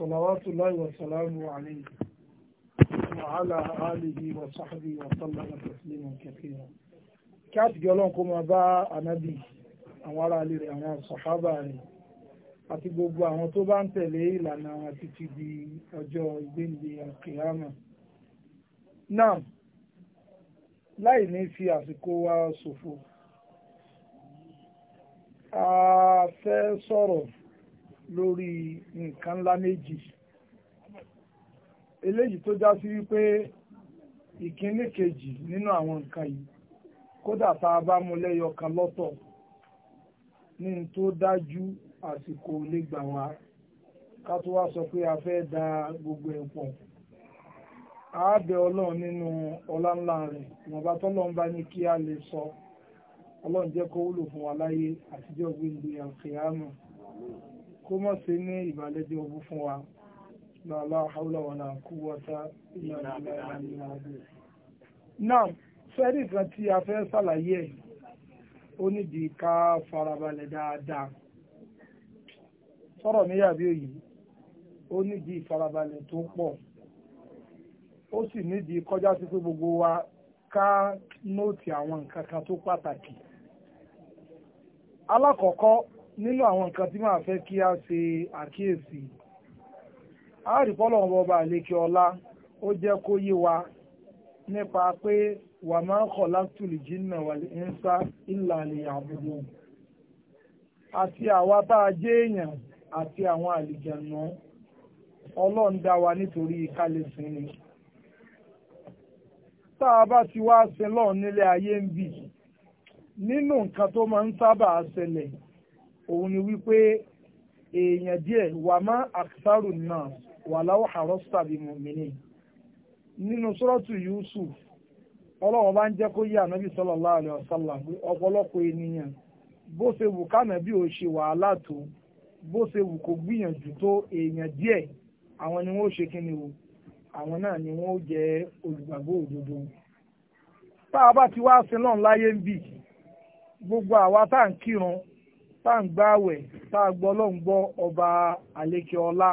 صلوات الله وسلامه عليه وعلى آله وصحبه وسلم تسليما كثيرا كات جلون كما با النبي àwọn ará ilé rẹ̀ àwọn sàhábà rẹ̀ àti gbogbo àwọn tó bá ń tẹ̀lé ìlànà àwọn títí di ọjọ́ ìgbéǹde àkìyàmà náà láì ní fi àsìkò wa ṣòfò a fẹ́ sọ̀rọ̀ lórí nǹkan ńlá méjì eléyìí tó já sí wípé ìkíní kejì nínú àwọn nǹkan yìí kódà tá a bá mú lẹ́yọ kan lọ́tọ̀ ní tó dájú àsìkò lè gbà wá ká tó wá sọ pé a fẹ́ da gbogbo ẹ̀ pọ̀ ọlọ́run nínú ọláńlá rẹ̀ ìwọ̀nba bá ní sọ ọlọ́run jẹ́ kó wúlò fún wa láyé àtijọ́ gbé ìgbéyàwó kó ní ìbàlẹ́jẹ́ ogún fún wa lọ́lá haúláwọ̀lá kú wọ́ta náà fẹ́rí kan tí a fẹ́ sàlàyé ẹ̀ ká farabalẹ̀ dáadáa yàbí òyì ó nídìí ìfarabalẹ̀ tó pọ̀ ó sì kọjá sí pé gbogbo wa ká nóòtì àwọn nǹkan kan tó pàtàkì alákọ̀ọ́kọ́ nínú àwọn nǹkan tí máa fẹ́ kí a ṣe àkíyèsí àárìpọ́lọ̀ ọba àlékè ọlá ó jẹ́ kó yé wa nípa pé wà máa ń kọ̀ látùlì jìnnà wà ní ńsá ìlà àlè àbúrò àti àwa bá a jẹ́ èèyàn àti àwọn àlìjànà ọlọ́run dá wa nítorí kálẹ̀sìn ni tá a bá ti wá sin lọ́ọ̀ nílé ayé ń bì nínú nǹkan tó máa ń sábà ṣẹlẹ̀ òun ni wípé èèyàn díẹ̀ wà má àkàtàrù náà wà láwọ̀ àrọ́sítà bíi mọ̀mìnì nínú sọ́rọ́tù Yusuf ọlọ́wọ́ bá ń jẹ́ kó yé ànábì sallallahu alaihi wasallam pé ọ̀pọ̀lọpọ̀ ènìyàn bó ṣe wù kánà bí ò ṣe wàhálà tó bó ṣe wù kó gbìyànjú tó èèyàn díẹ̀ àwọn ni wọ́n ṣe kíni o àwọn náà ni wọ́n jẹ́ olùgbàgbọ́ òdodo tá a bá ti wá sí náà láyé ń bì gbogbo àwa tá à ń kírun Ta ngbaa ń gbá àwẹ̀ tá a ọba àlekè ọlá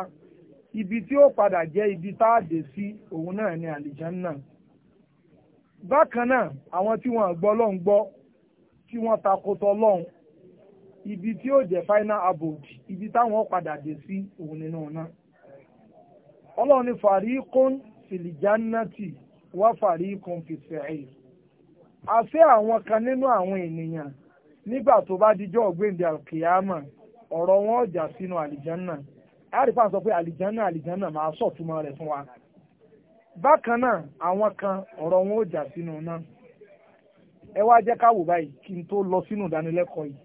ibi tí ó padà jẹ́ ibi tá de si sí òun náà ni àlìjánná bákan náà àwọn tí wọ́n gbọ́ ló ń gbọ́ tí wọ́n takotọ lọ́hùn ibi tí ó jẹ́ final abode ibi táwọn padà dé sí òun nínú náà ọlọ́run ni fàríkún fìlìjánátì wá fàríkún fìfẹ́ ẹ̀ àfẹ́ àwọn kan nínú àwọn ènìyàn nígbà tó bá dijọ́ ọ̀gbẹ́ndé alkiyama ọ̀rọ̀ wọn ọjà sínú àlìjánà àrífà sọ pé àlìjánà àlìjánà máa sọ̀túnmọ́ rẹ̀ fún wa bákan náà àwọn kan ọ̀rọ̀ wọn ọjà sínú náà ẹ wá jẹ́ ká wò báyìí kí n tó lọ sínú ìdánilẹ́kọ̀ọ́ yìí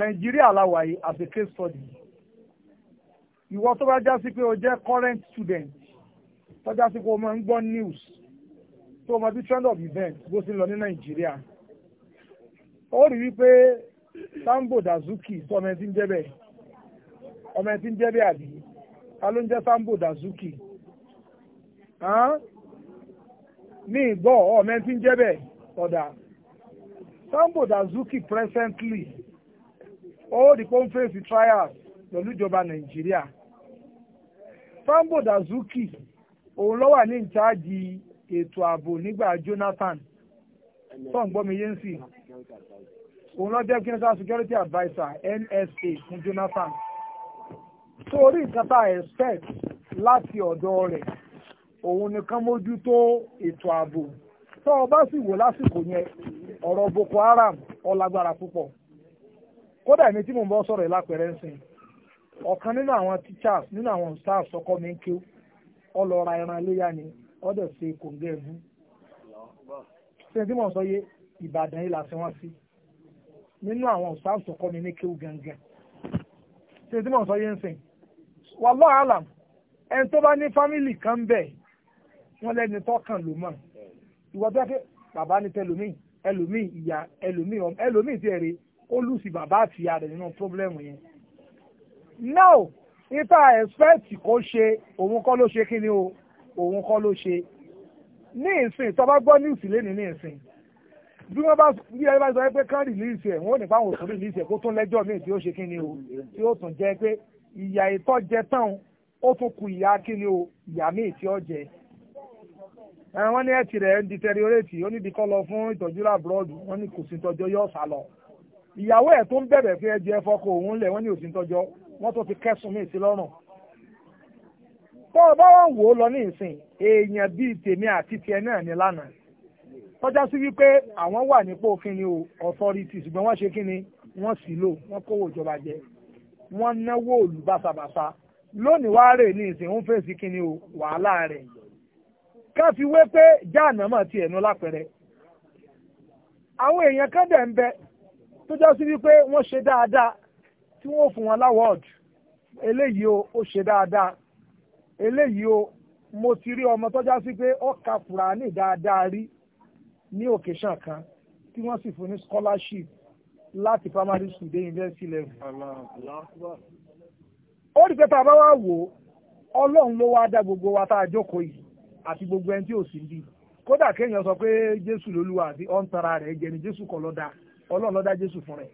nàìjíríà làwà yìí case study ìwọ tó bá já sí pé o jẹ́ current student tó já sí pé o máa ń gbọ́ news tó o mọ bí trend of events bó ṣe lọ ní nàìjíríà ó rí wípé sambo dazuki sọ ọmọ ẹtí ń jẹ́ bẹ́ẹ̀ ọmọ ẹtí ń jẹ́ àbí ta ló ń jẹ́ sambo dazuki ní ìgbọ́ ọmọ ẹtí ń jẹ́ bẹ́ẹ̀ ọ̀dà sambo dazuki presently ó rí pé ó ń fèsì trials pẹ̀lú ìjọba nàìjíríà sambo dazuki òun ló wà ní ìcháàjì ètò ààbò nígbà jonathan tó ń gbọ́ mi yé ń sìn. òun lọ jẹ́ security advisor NSA fún Jonathan tó orí a expect láti ọ̀dọ̀ rẹ̀ òun nìkan mójútó ètò ààbò tó o sì wò lásìkò yẹn ọ̀rọ̀ Boko Haram ọlágbára púpọ̀ kódà èmi tí mò ń bọ́ sọ̀rọ̀ ń ọ̀kan nínú àwọn teachers nínú àwọn staff sọkọ mi ń kí ó ẹran iléyà ìbàdàn yìí làṣẹ wọn sí nínú àwọn ọ̀sáàsù kọ́ mi ní kéwù gangan ṣe tí mò ń sọ yé ń sìn wallahu alam ẹni tó bá ní fámìlì kan bẹ̀ wọ́n lẹ́ni tọ́kàn ló mọ̀ ìwọ tó yẹ pé bàbá ní tẹlòmíì ẹlòmíì ìyá ẹlòmíì ọmọ ẹlòmíì tiẹ̀ rè ó lù sí bàbá àti ìyá rẹ̀ nínú pírọ́blẹ́mù yẹn. now ìta ẹ̀sẹ̀tì kó ṣe òun kọ́ ló ṣe kí ni o òun kọ́ ló ṣe ní ìsìn tó bá gbọ́ ní ìsìn lénìí ní ìsìn bí wọ́n bá bí ẹ bá sọ pé kán rìlíìsì ẹ̀ wọ́n ò ní fáwọn òtún rìlíìsì ẹ̀ kó tún lẹ́jọ́ míì tí ó ṣe kí ni o tí ó tún jẹ́ pé ìyà ìtọ́jẹ tán ó tún ku ìyà kí ni o ìyà míì tí ó jẹ wọ́n ní ẹ̀tì rẹ̀ ń deteriorate ó níbi kọ́ lọ fún ìtọ́jú lábúrọ́dù wọ́n ní kò sí tọjọ́ yóò sá lọ ìyàwó ẹ̀ tó ń bẹ̀bẹ̀ pé ẹjọ́ ẹfọkọ òun lẹ̀ wọ́n wọ́n wò ó lọ ní ìsìn èèyàn bíi tèmi àti tiẹ̀ náà ní lánàá tọ́já sí wípé àwọn wà nípò kíni o authority ṣùgbọ́n wọ́n ṣe kíni wọ́n sì lò wọ́n kówó ìjọba jẹ wọ́n náwó òlù bàṣàbàṣà lónìí wá rè ní ìsìn ń fèsì kíni o wàhálà rẹ̀ ká fi wé pé jáàná mọ̀ ti ẹ̀nu lápẹ̀rẹ̀ àwọn èèyàn kan dẹ̀ ń bẹ tó sí wípé wọ́n ṣe dáadáa tí wọ́n fún wọn láwọ́ọ̀dù eléyìí o ó ṣe dáadáa eléyìí o mo ti rí ọmọ tó sí pé ó ní occasion kan tí wọ́n sì fún ní scholarship láti primary school dé university level. ó rí pé tá a bá wá wò ó ọlọ́run ló wáá dá gbogbo wa tá a jókòó yìí àti gbogbo ẹni tí ò sí bí kódà kéèyàn sọ pé jésù lolúwa àti ọ̀ǹtara rẹ̀ jẹ́ ni jésù kọ́ lọ́dà ọlọ́run lọ́dà jésù fún rẹ̀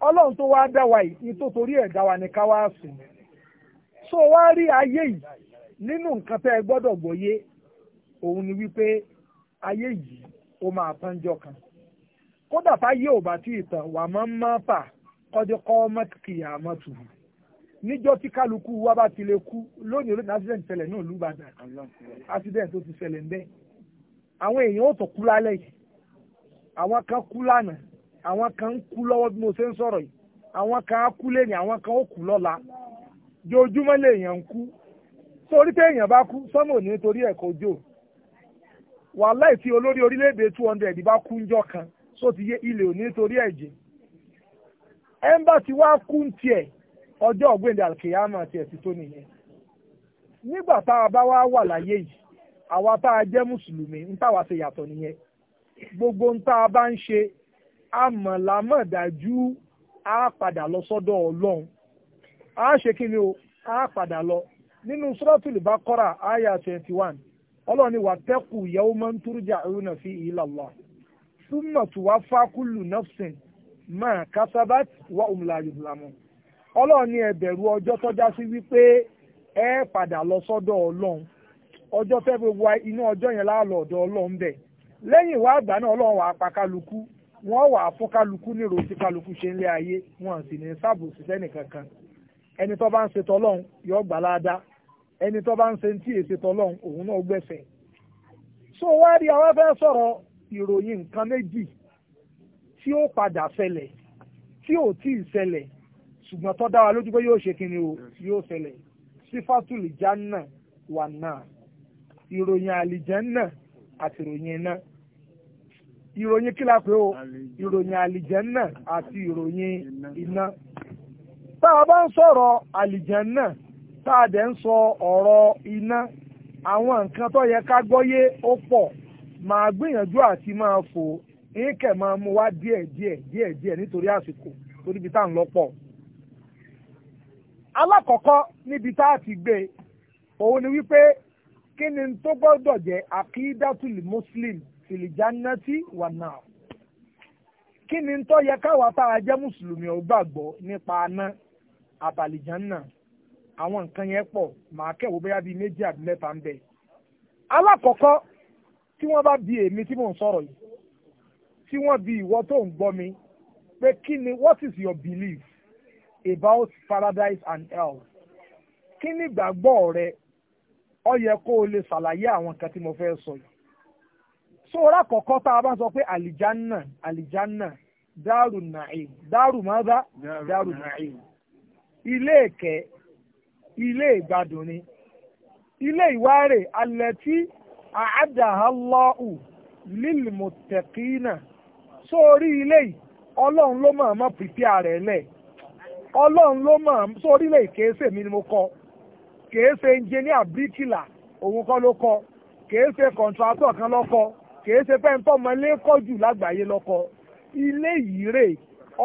ọlọ́run tó wáá dá wa yìí tó torí ẹ̀ dá wa ni ká wá sùn so wá rí ayé yìí nínú nǹkan tẹ́ ẹ gbọ́dọ̀ gbọ́yé òun ni wípé ayé yìí ó máa tán jọ kan kódà fáyé ò bá tí ì tàn wà máa ń máa fà kọjọ kọ́ mọ́tìkìyà mọ́tò níjọ́ tí kálukú wa bá ti lè kú lónìí olóòtú accident ṣẹlẹ̀ náà lùbàdàn accident tó ti ṣẹlẹ̀ ń bẹ àwọn èèyàn ò tó kú lálẹ́ yìí àwọn kan kú lánàá àwọn kan ń kú lọ́wọ́ bí mo ṣe ń sọ̀rọ̀ yìí àwọn kan á kú lẹ́yìn àwọn kan ó kú lọ́la jojúmọ́ lèèyàn ń kú torí pé bá kú ò ní torí jò wàhálà olórí orílẹ̀-èdè two hundred bá kú njọ́ kan só ti yé ilé òní torí ẹ̀jẹ̀ ẹ̀ńbà tí wàá kú ń tiẹ̀ ọjọ́ ọ̀gbìndì àkèyàmà tiẹ̀ ti tó nìyẹn nígbà tá a bá wá wà láyé yìí àwa tá a jẹ́ gbogbo ń tá a bá ń ṣe á padà lọ sọ́dọ̀ ọlọ́run o á padà lọ nínú ọlọ́run ni wàtẹ́kù yawman turja'una fi ila Allah súnmọ̀ tó wá fákúlù nafsin máa kásábàt wà òmùlà yòbùlámù ọlọ́run ni ẹ bẹ̀rù ọjọ́ tọ́já sí wípé ẹ padà lọ sọ́dọ̀ ọlọ́run ọjọ́ fẹ́ fi wá inú ọjọ́ yẹn láàlọ́ ọ̀dọ̀ ọlọ́run bẹ̀ lẹ́yìn ìwà àgbà náà ọlọ́run wàá pa kálukú wọ́n wàá fún kálukú nírò tí kálukú ṣe ń lé ayé wọn sì ní sábò síṣẹ́ nìkankan ẹni tó bá ń ṣe tọ́lọ́run yọ gbà ládàá ẹni tó bá ń ṣe tí èsì tọ́lọ́hún òun náà gbẹ̀sẹ̀. so wá rí àwọn fẹ́ sọ̀rọ̀ ìròyìn nǹkan méjì tí ó padà ṣẹlẹ̀ tí ò tí ì ṣẹlẹ̀ ṣùgbọ́n tó dá wa lójú pé yóò ṣe kíni o yóò ṣẹlẹ̀ sífàtúlì jánà wà náà ìròyìn àlìjánà àti ìròyìn iná ìròyìn kí la o ìròyìn àlìjánà àti ìròyìn iná tá a bá ń sọ̀rọ̀ àlìjánà tá nsọ ọrọ ń sọ ọ̀rọ̀ iná àwọn nǹkan tó yẹ ká gbọ́yé ó pọ̀ màá gbìyànjú àti máa fò ìkẹ̀ máa mú wá díẹ̀ díẹ̀ díẹ̀ díẹ̀ nítorí àsìkò torí ibi tá à ń lọ pọ̀. alákọ̀ọ́kọ́ níbi tá a ti gbé òun ni wípé kí ni tó gbọ́dọ̀ jẹ́ àkídátùlì muslim fìlìjánátì àwọn nǹkan yẹn pọ̀ màá kẹ́wò bóyá bíi méjì àbí mẹ́ta ń bẹ. alákọ̀ọ́kọ́ tí wọ́n bá bi èmi tí mò ń sọ̀rọ̀ yìí tí wọ́n bi ìwọ tó ń gbọ́ mi pé kí ni what is your belief about paradise and hell kí ni ìgbàgbọ́ rẹ ó yẹ kó o lè ṣàlàyé àwọn nǹkan tí mo fẹ́ sọ yìí. so alákọ̀ọ́kọ́ tá a bá sọ pé àlìjánà àlìjánà dáàrú nàìm dáàrú mọ́dá dáàrú nàìm ilé ìkẹ́ ilé ìgbádùn ni ilé ìwárè alẹ́tí àádáhàlọ́hù lílmùtẹ̀kínà sórí ilé ọlọ́run ló mọ̀ mọ́ pìpíà rẹ̀ lẹ̀ ọlọ́run ló mọ̀ sórí ilé yìí kèé ni mo kọ́ kèé ṣe ẹnjìníà òun kọ́ ló kọ́ kèé ṣe kan pẹ́ńtọ́ ọmọ lágbàáyé ilé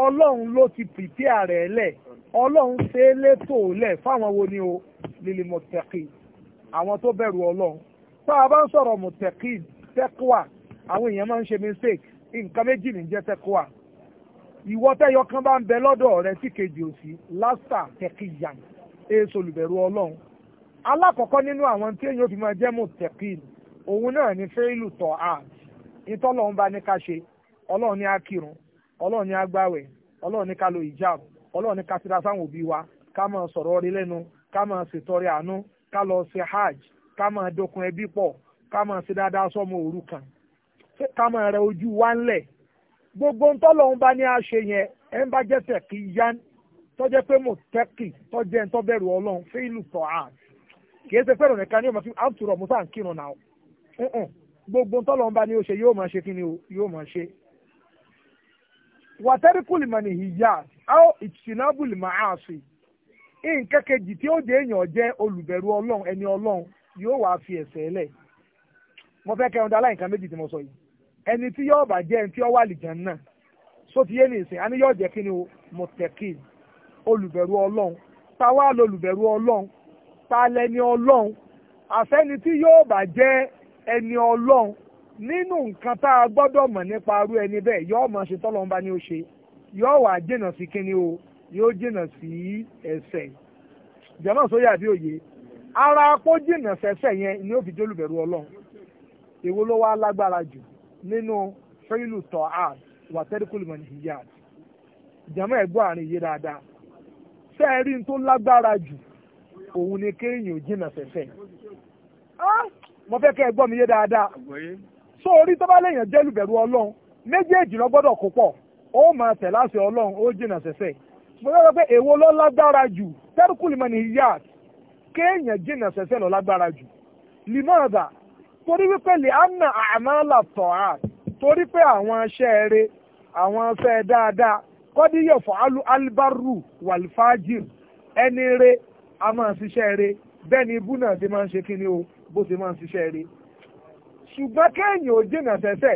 ọlọ́run ló ti pìpíà rẹ lẹ̀ ọlọ́run ṣe é létò lẹ̀ fáwọn wo ni o lílì mọ̀tẹ́kì àwọn tó bẹ̀rù ọlọ́run tá a bá ń sọ̀rọ̀ mọ̀tẹ́kì tẹ́kùwà àwọn èèyàn máa ń ṣe mistake nǹkan méjì ní jẹ́ tẹ́kùwà ìwọ tẹ́yọ kan bá ń bẹ lọ́dọ̀ rẹ tí kejì ò sí lásà tẹ́kì yàn ọlọ́run alákọ̀ọ́kọ́ nínú àwọn tí èèyàn fi máa jẹ́ mọ̀tẹ́kì òun ni fẹ́ẹ́lù ọlọ́run ní kásìrà sáwọn òbí wa ká máa sọ̀rọ̀ rí lẹ́nu ká máa Hajji. àánú ká lọ ṣe hajj ká máa dokun ẹbí pọ̀ ká máa ṣe dáadáa sọ́mọ òrukàn ká máa rẹ ojú wa ńlẹ̀ gbogbo ń tọ́lọ́run bá ní àṣe yẹn ẹ̀ ń bá jẹ́ tẹ̀kí yán tọ́jẹ́ pé mo tẹ́kì tọ́jẹ́ ń tọ́bẹ̀rù ọlọ́run fílù tọ́ à kìí ṣe fẹ́ràn nìkan ní ọmọ àtúrọ̀ kírun náà gbogbo ń tọ́lọ́run bá ní ó ṣe yóò máa ṣe kí ni yóò máa ṣe. wàtẹ́rìkùlì ní aw ìtìsínábùlì máa ṣe nǹkan kejì tí ó jẹ́ èèyàn jẹ́ olùbẹ̀rù ọlọ́run ẹni ọlọ́run yóò wá fi ẹ̀ṣẹ̀ lẹ̀ mo fẹ́ kẹrin dáláì nǹkan méjì tí mo sọ yìí ẹni tí yóò bá jẹ́ ẹni tí ó wà lìjàn náà só ti yé ní ìsìn àní yóò jẹ́ kí ni mọ̀tẹ́kì olùbẹ̀rù ọlọ́run ta wá lolùbẹ̀rù ọlọ́run ta lẹni ọlọ́run àfẹ́ni tí yóò bá jẹ́ ẹni ọlọ́run nínú nǹkan tá a gbọ́dọ̀ mọ̀ nípa arú ẹni bẹ́ẹ̀ yóò máa ṣe tọ́lọ́mbá ni ó ṣe yóò wà jìnnà sí kíni o yóò jìnnà sí ẹ̀ṣẹ̀ jọmọ sóyè àbí òye ara kó jìnnà sẹ́ṣẹ̀ yẹn ni ó fi jólùbẹ̀rù Ọlọ́run èwo ló wá lágbára jù nínú fẹlú tọ àt wà tẹríkùlùmọ nìyíyà jọmọ ẹ̀gbọ́n àárín yé dáadáa sẹẹrí tó lágbára jù òun ni kéèyàn jìnnà sẹ́ṣẹ̀ mo fẹ́ kẹ́ ẹ gbọ́ mi yé dáadáa so orí tó bá lèèyàn jẹ́lùbẹ̀rù Ọlọ́run méjèèjì lọ gbọ́dọ̀ kó pọ̀ ó ma tẹ̀ láṣẹ ọlọ́run ó jìnnà sẹ́sẹ́ mo lọ́wọ́ pé èwo ló lágbára jù tẹ́rùkùlìmọ̀ ní yíyàt kéèyàn jìnnà sẹ́sẹ́ ló lágbára jù limada torí wípé lè anna àmàlà tọ̀hà torí pé àwọn aṣẹ́ eré àwọn afẹ́ dáadáa kọ́díyọ̀ fún alibaru wàlfàjìr ẹni eré a máa ṣiṣẹ́ eré bẹ́ẹ̀ ni ibú náà ti máa ń ṣe kí ni o bó ti máa ń ṣiṣẹ́ eré ṣùgbọ́n kéèyàn ò jìnnà sẹ́sẹ́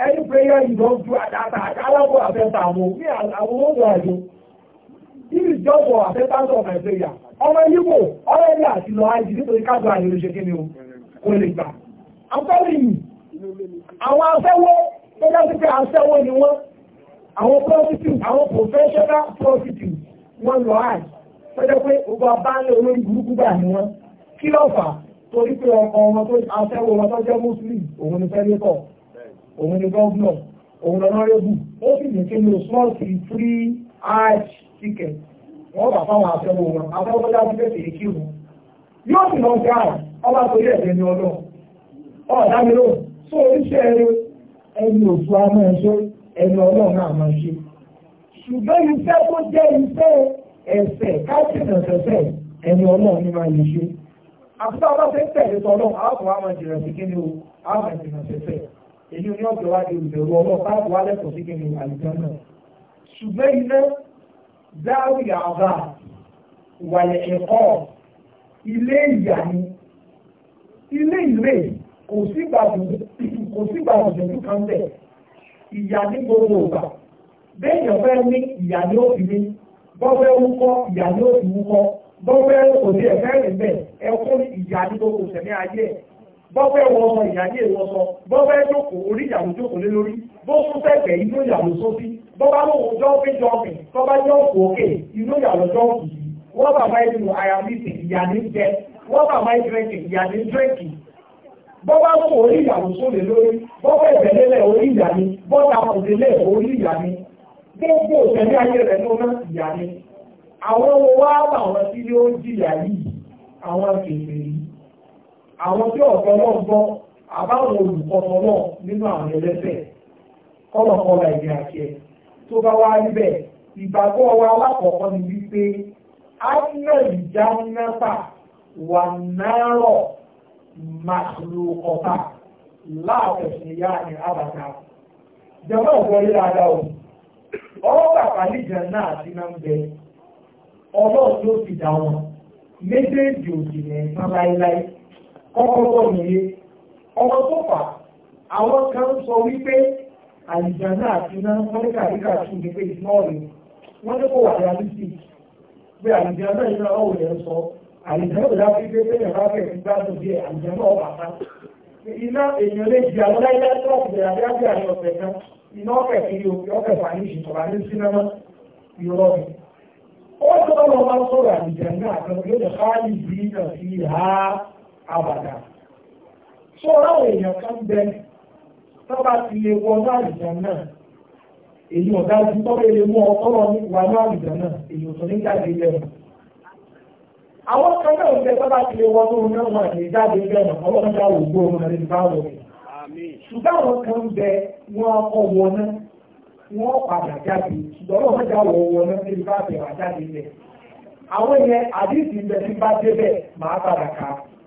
Any prayer you don't do at that time, Allah will accept am. Me, I will not do it. This is just for acceptance of my prayer. Ọmọ Igbo, ọmọ ẹgbẹ́ àti lọ àìsí nítorí kájọ àìlè ṣe kí ni o, kò lè gbà. Àfẹ́rẹ́ yìí, àwọn afẹ́wọ́ tó dájú pé afẹ́wọ́ ni wọ́n, àwọn prostitute, àwọn professional prostitute, wọ́n lọ àì. Fẹ́jọ́ pé gbogbo abáńlé olórí burúkú gbà ni wọ́n. Kí ló fà? Torí pé ọkọ wọn tó afẹ́wọ́ wọn tó jẹ́ Muslim, òun ni fẹ́ lé kọ̀ òun ni gọ́ọ̀nà òun lọ́nàrẹ́bù ó sì ní kí ni small three free arch ticket wọ́n bà fáwọn afẹ́wò wọn afẹ́wọ́dá ti fẹ́sẹ̀ èkí wọn yóò sì lọ gáà ọba torí ẹ̀jẹ̀ ní ọlọ́ ọ̀dá mi ló sọ oríṣẹ́ eré ẹni òtún a máa ṣe ẹni ọlọ́run náà máa ṣe ṣùgbọ́n iṣẹ́ tó jẹ́ iṣẹ́ ẹ̀sẹ̀ káṣínà ṣẹ̀ṣẹ̀ ẹni ọlọ́run ní máa lè ṣe àfúnṣe ọlọ́run tẹ̀lé tọ́lọ́run àwọn àwọn àjìnà sí kí ni o àwọn àjìnà ṣẹ̀ṣẹ̀ èyí ni ọjọ́ wa di olùbẹ̀rù ọlọ́ọ̀ báàbò wa lẹ́tọ̀ọ́ sí kíni àlùjọ náà ṣùgbọ́n iná dáwì àbá wàlẹ̀ ẹ̀kọ́ ilé ìyá ni ilé ìlé kò sígbà òdòdó kan bẹ̀ ìyá ní gbogbo ògbà bẹ́ẹ̀ yọ̀ fẹ́ ní ìyá ní òfin bọ́fẹ́ wúkọ́ ìyá ní òfin wúkọ́ bọ́fẹ́ òdì ẹ̀fẹ́ rẹ̀ bẹ́ẹ̀ ẹkún ìyá ní gbogbo òṣèlú ayé ẹ̀ bọ́fẹ́ wọ ọmọ ìyáyé ìwọ́sọ bọ́fẹ́ jókòó orí ìyàwó jókòó lé lórí bó tún fẹ́gbẹ̀ inú ìyàwó sófí bọ́bá lóhun jọ́ọ̀fẹ́ jọ́ọ̀fẹ́ tọ́bá jọ́ọ̀fù òkè inú ìyàwó jọ́ọ̀fù yìí wọ́n bàbá ẹnu àyàmísì ìyà ní jẹ wọ́n bàbá ìdírẹ́kì ìyà ní dírẹ́kì bọ́bá mú orí ìyàwó sólè lórí bọ́bá ìbẹ̀lẹ́lẹ̀ orí ìyà ní bọ́ta òdélẹ̀ orí ìyà ní gbogbo òṣèlú ayé rẹ̀ lóná ìyà ní àwọn owó wá àwọn tí ó jìyà yìí àwọn kèfèrè àwọn tí ọ̀tọ̀ náà gbọ́ àbáwọn olùkọ́tọ̀ náà nínú àwọn ẹlẹ́sẹ̀ kọ́lọ̀kọ́lọ̀ èdè àṣẹ tó bá wá níbẹ̀ ìgbàgbọ́ wa alákọ̀ọ́kọ́ ni wípé ánà ìjánáta wà náírọ̀ màlúkọ̀tà láàfẹ̀sẹ̀ yá ní àbàtà jọba ọ̀gbọ́n yìí dáadáa o ọwọ́ bàbá níjà náà ti máa ń bẹ ọlọ́run ló ti dá wọn méjèèjì òjì ní ẹ̀sán láéláé kọ́kọ́rọ́ nìyẹn ọwọ́ tó fà àwọn kan sọ wípé àìjànà àti iná mọ́ríkà ríkà tún ní pé ìsọ́ọ̀rì wọ́n ní kò wà reality pé àìjànà iná ọ̀wọ̀ yẹn sọ àìjànà ìdá fi pé pé yàrá fẹ̀ ti gbádùn bí àìjànà ọ̀wà ká iná èèyàn lè di àwọn láyé lọ́ọ̀kì àti àti àti ọ̀sẹ̀ kan iná ọ̀fẹ́ kiri òkè ọ̀fẹ́ fàáyé ìṣèjọba ní sínámà ìrọ̀ mi. ó sọ àbàdà tó ráwọn èèyàn kan bẹ tó bá ti lè wọ ọdún àlùjọ náà èyí ọ̀dà ojú tó bẹ lè mú ọkọ́rọ̀ wà ní àlùjọ náà èyí ò tó ní jáde lẹ́nu. àwọn kan náà bẹ tó bá ti lè wọ ọdún náà wà ní jáde lẹ́nu ọlọ́run dá ògbó ọmọ rẹ̀ bá wọ̀ ṣùgbọ́n àwọn kan bẹ wọn ọkọ̀ wọ náà wọ́n padà jáde ṣùgbọ́n wọ́n já wọ̀ wọ̀ náà níbi bá bẹ̀rẹ̀ jáde lẹ̀. àwọn yẹn àdéhùn ìbẹ̀ tí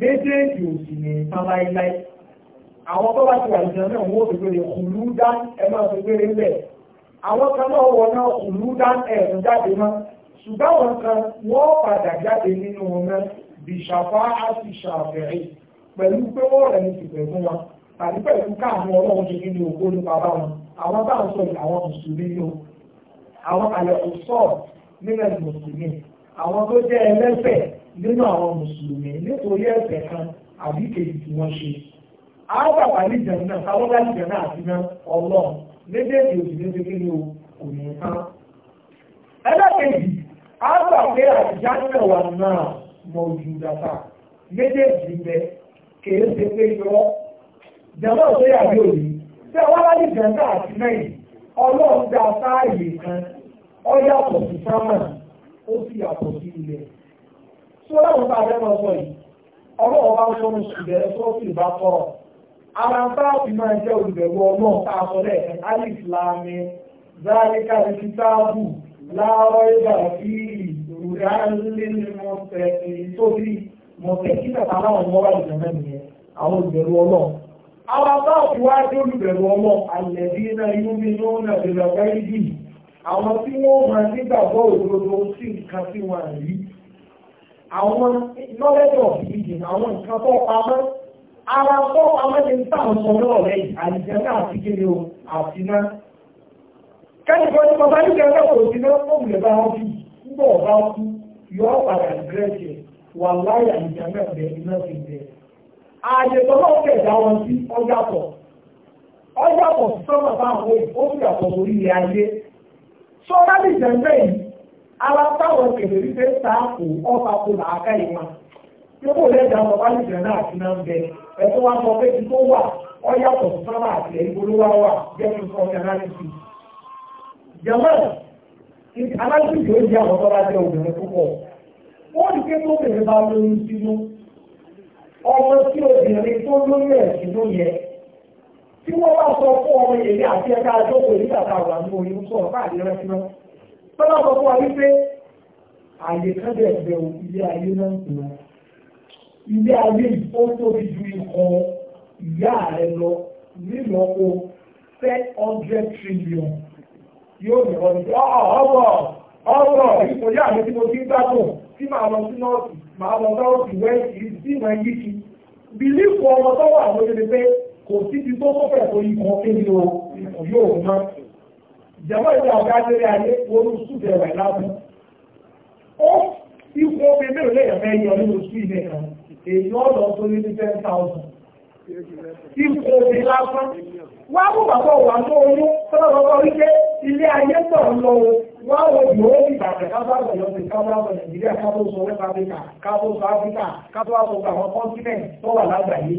méjèèjì ò sì ní ìtàn láíláí àwọn tó bá ti wà ìjọ náà wọ́n ti pèrè kùlú dá ẹ̀mọ́ ti pèrè lẹ̀ àwọn kan náà wọ náà kùlú dá ẹ̀rùn jáde mọ́ ṣùgbọ́n àwọn kan wọ́n padà jáde nínú ọmọ bìṣàfá àti ṣàfẹ̀rẹ̀ pẹ̀lú pé wọ́n rẹ̀ ní ti pẹ̀lú wọn tàbí pẹ̀lú káàmù ọlọ́run ṣe nínú ògbó ní bàbá wọn àwọn bá ń sọ àwọn mùsùlùmí o àwọn àlẹ́ òṣọ́ nílẹ̀ mùsùlùmí àwọn tó jẹ́ ẹlẹ́ṣẹ̀ nínú àwọn mùsùlùmí nítorí ẹ̀ṣẹ̀ kan àbí kejì tí wọ́n ṣe àbàbà níjẹun náà táwọn bá níjẹun náà àti náà ọlọ́run méjèèjì òsì ní o kò ní tán ẹlẹ́kejì àgbà pé àjánà wà náà mọ ojú dàtà méjèèjì bẹ kèé ṣe pé yọ jẹmọ tó yàgbé òní tí àwọn aláàbí jẹmọ àti náà ọlọ́run dá sáàyè kan ó sì yàtọ̀ sí ilẹ̀. tí ó láwọn bá rẹ́ lọ́sọ yìí ọ̀rọ̀ ọba ń sọ oṣù bẹ̀rẹ̀ tó sì bá tọrọ. ara ń bá òbí máa jẹ́ olùbẹ̀wò ọlọ́run tá a sọ lẹ́ẹ̀kan alif lami zalika kitabu láàárọ̀ ìgbà sí ìrùdánilẹ́mọ̀tẹ̀ tóbi mọ̀tẹ̀kí tàbí àwọn ọmọ wa ìjọba nìyẹn àwọn olùbẹ̀rù ọlọ́run àwọn bá òbí wá dé olùbẹ̀rù ọlọ́run alladina yu'minuna bil ghaibi àwọn tí wọ́n máa nígbàgbọ́ òdodo sí nǹkan tí wọ́n rí àwọn lọ́lẹ́dọ̀ àwọn nǹkan tó pamọ́ ara tó pamọ́ ní táwọn sọ náà rẹ̀ àìjẹ́ àti o àti náà kẹ́nìkan ní bàbá ní kẹ́lẹ́ kò sí náà ó bá wọn bí nígbà ọ̀bá kú yọ padà wà láyà iná fi bẹ̀ sọ́ra lè jẹ́ bẹ́ẹ̀ sáàpù ọba làákà ìwà yóò lẹ́jà ọmọ na lè àti wa ọ yàtọ̀ sí sábà àti wà jẹ́ sọ analysis. jama obìnrin púpọ̀ wọ́n ti ké tó bèrè bá lóyún sínú ọmọ obìnrin tí wọ́n bá sọ fún ọmọ èdè àti ẹ̀ka àjọpọ̀ nígbà tá a wà nínú sọ̀rọ̀ káàdì rẹ̀ fún wọn. tọ́lá sọ fún wa wípé àyè kan bẹ̀ bẹ̀ ilé ayé náà ń ilé ayé yìí tóbi ju ikọ̀ ìyá rẹ̀ lọ nílọ́pọ̀ ten hundred trillion yóò ní ọdún ọ̀rọ̀ ọ̀rọ̀ ìkòyà mi tí mo ti ń gbádùn tí màá lọ sí nọ́ọ̀tì màá lọ sáwọ́ọ̀tì wẹ́ẹ̀sì tí màá yí kò síbi tó tó fẹ̀ tó ikọ̀ kéde o yóò mọ́ ìjàmbá ìjà ọ̀gá lórí ayé olú sùfẹ̀ rẹ̀ lábú ó ikú omi mélòó lè yẹ̀fẹ́ yọ nínú sí ilé kan èyí ọ̀dọ̀ tó ní ní ten thousand ikú omi lásán wá mú bàbá wà ní oyún tọ́lá lọ́wọ́ wípé ilé ayé tọ̀ ń lọ o wá wo yòó ní ìbàdàn kábàbọ̀ yọ sí kábàbọ̀ nàìjíríà kábó sọ west africa kábó sọ africa kábó sọ àwọn continent tó wà lágbàáyé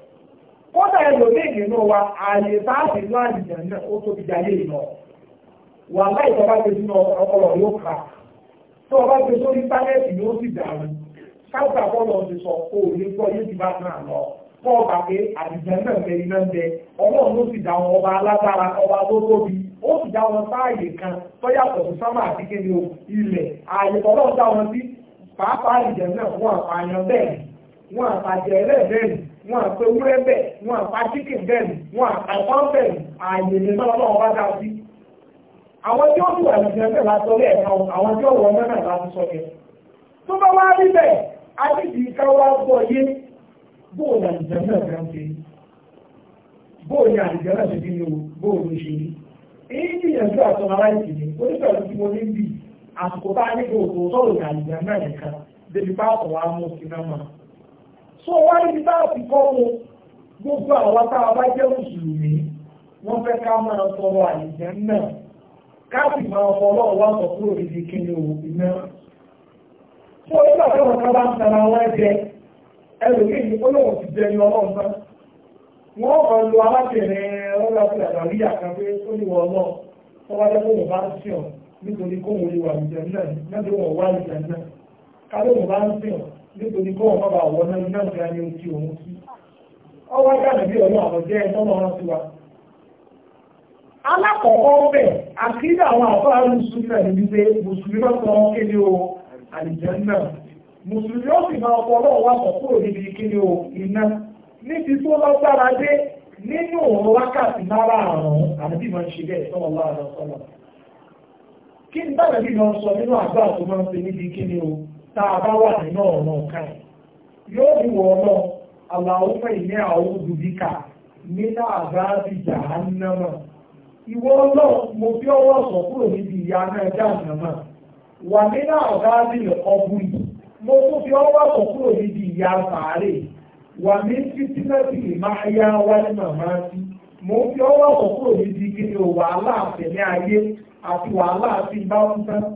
kódà ẹlòmíì nínú wa ààyè sáàsì inú àyè náà tóbi jáde lọ wà láì kà tó o bá ti sórí íńtánẹ́ẹ̀tì yóò sọ kó o lè gbọ́ yóò ti bá náà lọ kọ́ ọba pé náà bẹ̀rẹ̀ náà bẹ sì dá wọn ó sì dá wọn sáàyè kan náà fún àpààyàn wọn àpè wúrẹ́ bẹ́ẹ̀ wọn àpá chicken bẹ́ẹ̀ wọn àpá ẹ̀fọ́n ààyè ní lọ́wọ́ wọn bá sí. àwọn tí ó wà la sọ bẹ́ẹ̀ àwọn tí ó wọ ọmọ náà láti sọ yẹn. tó wá rí bẹ́ẹ̀ wá gbọ́ yé bóò ní àlùjẹ́ náà ṣe bóò ní àlùjẹ́ náà ṣe bí ní o bóò ṣe ní. èyí bá ní kò tó sọ̀rọ̀ àlùjẹ́ náà débi bá so wá ibi bá gbogbo àwọn tá a bá jẹ́ mùsùlùmí wọ́n fẹ́ ká máa náà máa fọ ọlọ́run wá sọ kúrò níbi kíni òwò iná. nígbà wọn bá ń tara wọn jẹ ẹlòmíì olóhùn ti jẹ ní ọlọ́run náà wọ́n kọ́ lu alábìnrin ọlọ́run tó ní bá ń sìn nítorí náà wá náà nítorí kó wọn bá wọn náà iná ìgbà ojú òun sí ọwọ́ bí ọlọ́ àwọn jẹ́ alákọ̀ọ́kọ́ bẹ̀ àwọn àbá ní wípé mùsùlùmí ọ̀sán kéde o àlìjẹ́nà mùsùlùmí ó sì máa fọ́ ọlọ́wọ́ wà sọ̀kú òdìdí kéde o iná ní ti tó lọ́gbára dé nínú òun wákàtí mára àrùn àbí ṣe bẹ́ẹ̀ sọ́wọ́ láàrín ọ̀sán kí ta a bá wà nínú ọ̀nà kan yóò bí wọ ọ̀nà aláwọ̀fẹ́ ilé àwọn olùdíkà nínú àgbáàbí ìwọ náà mo fi ọwọ́ sọ kúrò níbi ìyá náà jahannama wà nínú mo tún fi ọwọ́ sọ kúrò níbi ìyá sàárè wà ní màmá sí mo fi ọwọ́ sọ kúrò níbi wàhálà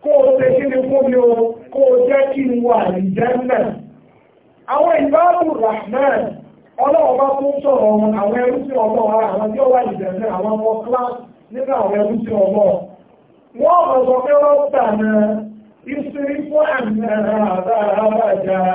kó o ṣe kí ni fún mi o kó o jẹ́ kí n wà ní jẹ́nà àwọn ìbáàbù rahman ọlọ́wọ́ bá tún sọ̀rọ̀ àwọn ẹrú sí ọmọ ara àwọn tí ó wà ní jẹ́nà àwọn ọmọ class nínú àwọn ẹrú sí ọmọ wọ́n mọ̀ sọ pé wọ́n gbà náà fún àbára àbára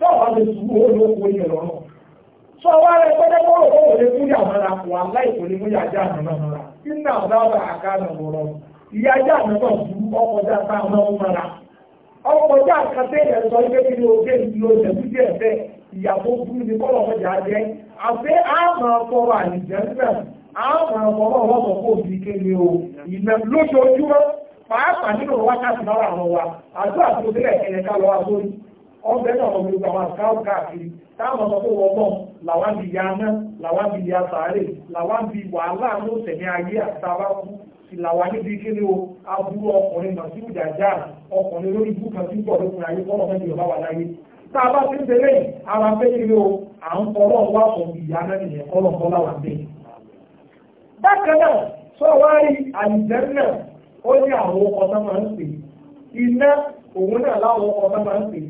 báwa lè sùúrù ó ló kó yẹ lọ́rùn sọ wá rẹ wà láì kò ní mú yàjá àná mọ́ra iná wọ̀rọ̀ ìyájá àná náà mọ́ra ẹ̀ sọ kí ni ìyàwó kọ́lọ̀ jẹ́ ọkọ̀rọ̀ ọkọ̀rọ̀ kò o lójoojúmọ́ pàápàá nínú wákàtí náà àwọn wa àdúrà tó ọ náà wọ́n gbogbo àwọn káàkiri táwọn ọmọ tó làwọn ya làwọn ya sàárè làwọn bí wàhálà ló tẹ̀lé ayé àtàwà kú níbi o aburú ọkùnrin ọkùnrin lórí tí bọ̀ lókun ayé kọ́ ọba wà láyé tá a bá ti ń tẹ̀lé ara pé kíni o à ń wá ìyá náà nìyẹn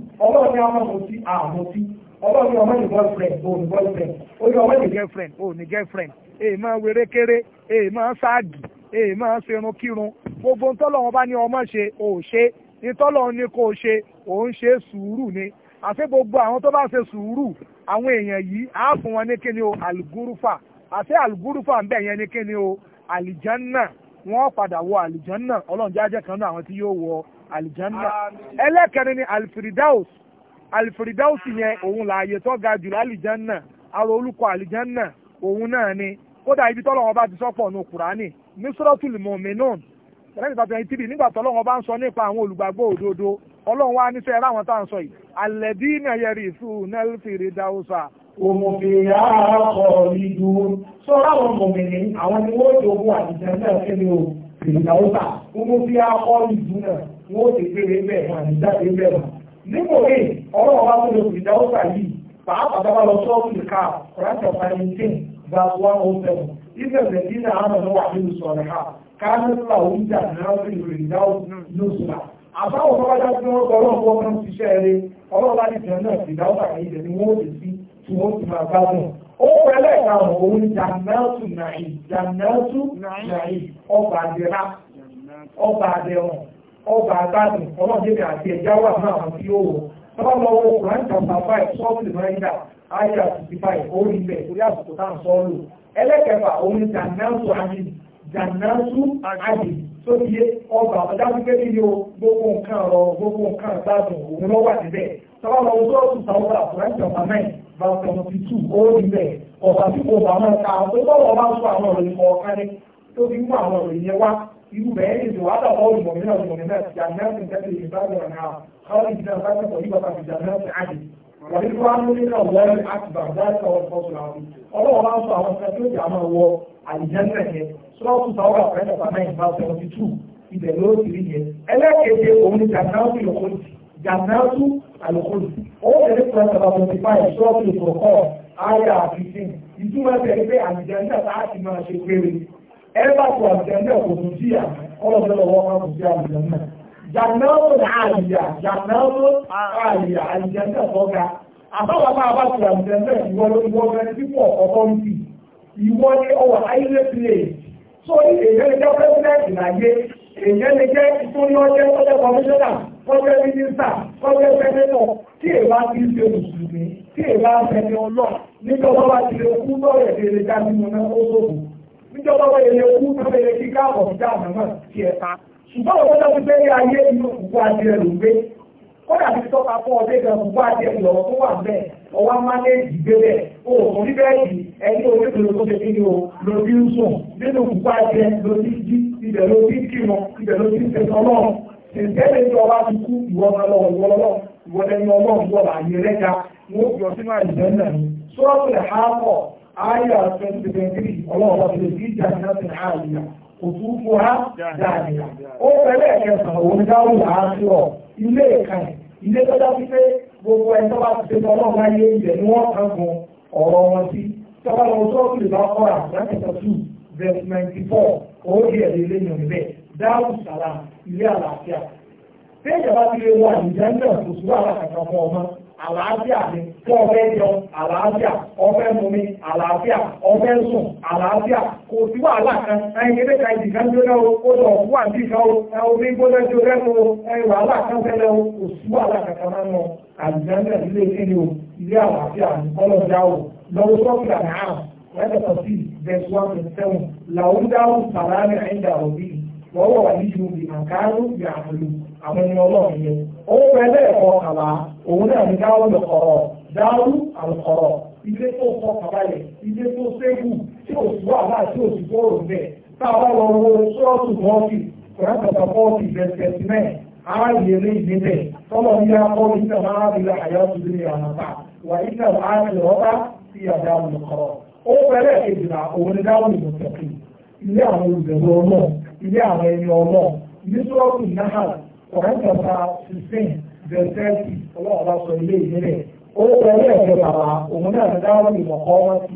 ọlọ́run ní ọmọ mutí àmutí ọlọ́run ní ọmọ ní boyfriend ò ní boyfriend ó ní ọmọ ní girlfriend ò ní girlfriend èyí e, máa wéré kéré èyí e, máa ṣáàgì èyí e, máa ṣerun kírun gbogbo ntọ́lọ́run bá ní ọmọ ṣe ò ṣe ntọ́lọ́run ní kò ṣe ò ń ṣe sùúrù ni àṣẹ gbogbo àwọn tó bá ṣe sùúrù àwọn èèyàn yìí á fún wọn ní kíni o àlùgúrúfà àṣẹ àlùgúrúfà ń bẹ yẹn ní kíni o àlìjánná wọn padà wọ àlìjánná ọlọ́run jájẹ́ kan náà àwọn tí yóò wọ àlìjánná ẹlẹ́kẹrin ni alfiridaus alfiridaus yẹn òun lààyè tó ga jùlọ àlìjánná àrò olùkọ àlìjánná òun náà ni kódà ibi tọ́lọ́wọ́n bá ti sọ́pọ̀ ní kùránì ní suratul mu'minun tẹ̀lẹ́sì tàbí ẹni tíbi nígbà tọ́lọ́wọ́n bá ń sọ nípa àwọn olùgbàgbọ́ òdodo ọlọ́run wá níṣẹ́ ráwọn tá à ń sọ yìí alladina yarisuna alfiridausa òmùfìyà ọkọ̀ ìdúró sọ́ra àwọn mọ̀mìnì àwọn ni wọ́n jogún àdìjẹ́ náà kí ni o ìyàwó ta gbogbo bí akọ ìlú náà wọ́n ti péré bẹ́ẹ̀ wọn àti jáde bẹ́ẹ̀ wọn. nípò ọ̀rọ̀ wa tó yìí pàápàá dábàá lọ sọ́ọ̀tù ká rántí ọ̀pá ẹni tí verse one oh seven ibẹ̀ bẹ̀ ndị náà wà nínú sọ̀rọ̀ ha káńtà oúnjẹ àdáńtì ìrìnàwó lóṣùlá. àbáwọ̀ bá ó pẹ̀lẹ́ ìkàrùn òun jàmẹ́ọ̀tù nàì jàmẹ́ọ̀tù na ọba àdẹ́rà ọba àdẹ́wọ̀n ọba àgbàdùn ọlọ́dẹ́gbẹ̀ àti ẹ̀já wà náà àwọn tí ó wò tọ́lá lọ́wọ́ Quran chapter five sọ́ọ̀tì mẹ́rìndà ayé sixty five orí ilẹ̀ orí ọba gbogbo verse ó rí bẹ́ẹ̀ ọ̀sán tí kò bá máa ka tó bọ́wọ́ bá ń sọ àwọn ọ̀rọ̀ ìmọ̀ ọ̀kan ní tó fi mú àwọn ọ̀rọ̀ ìyẹn wá irú bẹ́ẹ̀ ní ìdòwò àtàwọn olùmọ̀mìnà olùmọ̀mìnà ti àmì tẹ́lẹ̀ ìbáraẹ̀ náà káwọn ìdílé ọ̀sán tẹ̀sọ̀ yípa tàbí ìdàmẹ́ ti àdì wàlẹ́ tó wá lórí náà wọ́n àtìbà dáìsọ̀ ọ̀pọ̀sọ̀ àwọn ọlọ́wọ́ bá ń sọ àwọn ọ̀sán tó jà máa wọ àlìjẹ́ńtẹ̀ yẹn sọ́ọ̀tù sáwọ́ àpẹẹrẹ tàbí náà ìbá seventy two ibẹ̀ ló ti rí yẹn ẹlẹ́kẹ̀ẹ́ òun ni jàǹdà àlòkòlù owó tẹ̀lé kan sọ̀rọ̀ twenty five ṣọ́ọ̀tù ìkọ̀kọ̀ àyà fifteen ìtumọ̀ tẹ̀lé pé àlùjànnà láti máa ṣe péré ẹ bá kó àlùjànnà kò tún sí à ọlọ́dọ̀ wọn máa kò sí àlùjànnà jàǹdàwó àlìyà jàǹdàwó àlìyà àlùjànnà tọ́ga àbáwá bá a bá kó àlùjànnà ìwọ ìwọ bẹ̀rẹ̀ tí pọ̀ ọ̀kọ́ ń bì ìwọ ni ọwọ́ ayílẹ̀ plẹ̀ so èyí lè jẹ́ pẹ́sidẹ̀ntì láyé èyí lè jẹ́ ìtúnyọ́jẹ́ ọjọ́ kọmíṣọ́nà kọjá mínísítà kọjá sẹ́nẹ́tọ̀ tí èèwà ti ń ṣe mùsùlùmí tí èèwà sẹ́ni ọlọ́ọ̀ níjọba wa ti lè kú lọ́rẹ̀ ìdèrè jáde mọ́ náà ó sóògùn níjọba wa lè kú lọ́rẹ̀ ìdèrè kíkà ọ̀dà àmọ́ ti ẹ̀ka ṣùgbọ́n òun tó ń gbé ayé inú òkùnkùn adìẹ ló ń gbé kódà ti tọ́ka fún ọdẹ gan òkùnkùn adìẹ lọ́wọ́ tó wà bẹ́ẹ̀ ọwọ́ mánéèjì gbélé òògùn ní bẹ́ẹ̀ yìí ẹni onídùúró tó ṣe kí ni o lòdì ń sùn nínú òkùnkùn adìẹ lòdì jí ibẹ̀ lòdì kírun ibẹ̀ lòdì ṣẹ̀tọ́ Ìgbẹ́ni tí ọba ti kú ìwọ ọmọ lọ ìwọ lọ́wọ́ ìwọ ẹni ọmọ ìwọ àyè rẹ́ka wọ́n fi ọtí máa jẹ́ náà ní. Sọ́ọ̀tì àápọ̀ ayé twenty twenty ọlọ́run ọba tẹ̀lé sí ìjà ní láti àárín òfurufú ha dáadáa. Ó fẹ́lẹ́ ẹ̀sán òun dáhùn àásù ọ̀ ilé ìkànnì ilé tó dábí pé gbogbo ẹ̀ tó bá ti ṣe ọlọ́run ayé ilẹ̀ ni wọ́n kàn gun ọ̀rọ̀ wọn sí. Tọ́ba lọ sọ́ọ̀tì ìbá kọ́ra láti sọ́tù verse 94. four ó di ẹ̀dẹ̀ lẹ́yìn ọ̀nẹ́bẹ̀ẹ́ dáhùn sàrà ilé àlàáfíà téèyàn bá ti lè wọ àyíjá náà kò sí wàhálà kankan fún ọmọ àlàáfíà ni fún ọfẹ́ jẹun àlàáfíà ọfẹ́ mumi àlàáfíà ọfẹ́ sùn àlàáfíà kò sí wàhálà kan ẹyin ilé ka ìdìgá jóná o ó lọ fún àdìgá o ẹ omi gbóná jóná o ẹyin wàhálà kan fẹlẹ o kò sí wàhálà kankan máa ń lọ àyíjá náà ilé kíni o ilé àlàáfíà ni ọlọ́dà o lọ́wọ́ sọ́kùnrin àná wẹ́n tẹ̀sán sí verse one twenty seven làwọn dáhùn sàrà ní àyíjà òbí wọ́n wọ̀ ní ju ìmọ̀kárú ìyàmùlù àwọn ẹni ọlọ́run yẹn ó fẹ́ lẹ́ẹ̀kọ́ kàlá òun náà ní dáwọ́ lọ́kọ̀rọ̀ dáwọ́ àlùkọ̀rọ̀ ilé tó kọ́ kàbálẹ̀ ilé tó séwù tí ò sí wàhálà tí ò sí bóòrò bẹ́ẹ̀ tá a wá lọ wo sọ́ọ̀tù mẹ́ tọ́lọ̀ akọ́ ilé àwọn ẹni ọlọ́run nítorọ́ọ̀kù náà kọ̀rẹ́tẹ̀ta fifteen bẹ̀rẹ̀tẹ̀tì ọlọ́run bá sọ ilé ìdílé orúkọ ilé ẹ̀jẹ̀ bàbá òun náà ti dáhùn ìmọ̀kọ́ wọn sí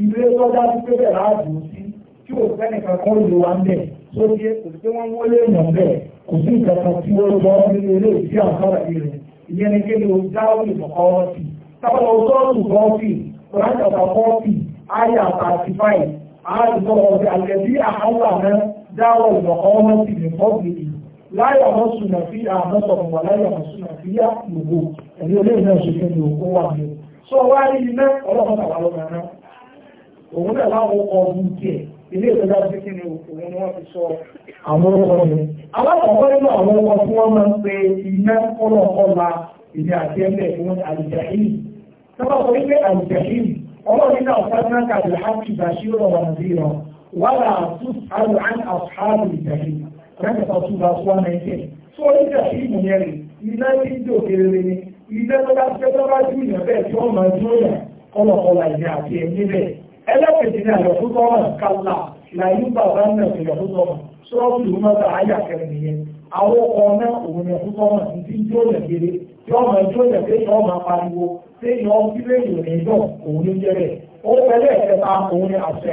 ilé tó dájú pé bẹ̀rẹ̀ láàbù sí tí kò sẹ́ni kankan ló wà ń bẹ̀ tó yé kò sí pé wọ́n ń wọlé èèyàn bẹ̀ kò sí ìkankan tí wọ́n lọ nínú ilé ìdí àkọ́rọ̀ ìrìn ìyẹn ni kí ni o dáhùn ìmọ̀kọ́ wọn sí táwọn ọ̀ṣọ́ọ̀ṣù kọ́ọ̀fì kọ̀rẹ́tẹ̀ta kọ́ọ̀fì áyà 35 àádùn tó lọ sí àlẹ́bí àhálà náà dáwọ̀ ìlọ̀kọ́ wọn ti lè kọ́ gbèrè e. láyọ̀ wọn sùnà gbogbo ẹ̀rí olóyìn náà ṣe kéde òkú wà ní. na wá rí iná ọlọ́run náà wà lọ́nà náà na náà láwọn ọkọ̀ ọdún tiẹ̀ wala tus'alu an ashabil jahim rẹ́pẹ̀ tó tún bá wọ́n náà jẹ́ tó ní jàhímù yẹn rè iná ní ìjọ kéré ni iná tó bá tẹ́ tó bá jù yàn bẹ́ẹ̀ tí wọ́n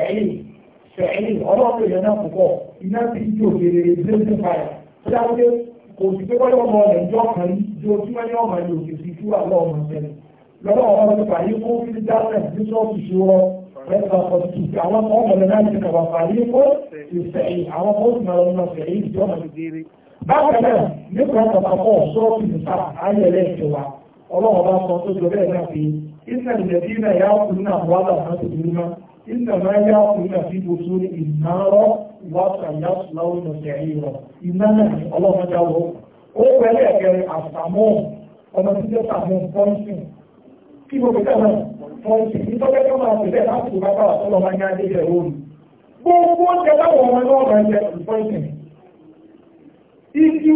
máa ẹ̀yìn ọlọ́pẹ̀ yẹn náà púpọ̀ iná ti ń jò gèrè blazing fire tó dáa pé kò sí pé wọ́n yọmọ rẹ̀ jọ kan yìí ju ojú wọn yọmọ rẹ̀ òkè sí fúra lọ́wọ́ mọ̀ sẹ́lẹ̀ lọ́wọ́ ọ̀rọ̀ ti fàyè kó fi ní إنما يأكل في بطون النار وسيصلون سعيرا إنما الله ما جاوب ó pẹ̀lú ẹ̀kẹ́ àtàmọ́ ọmọ tí ó tàmọ́ pọ́ńsìn kí gbogbo tẹ́lẹ̀ pọ́ńsìn ní tọ́jọ́ tó máa tẹ̀lé láti tó bá ọlọ́ máa ń yá déjẹ̀ oòrùn gbogbo oúnjẹ láwọn ọmọ náà máa ń jẹ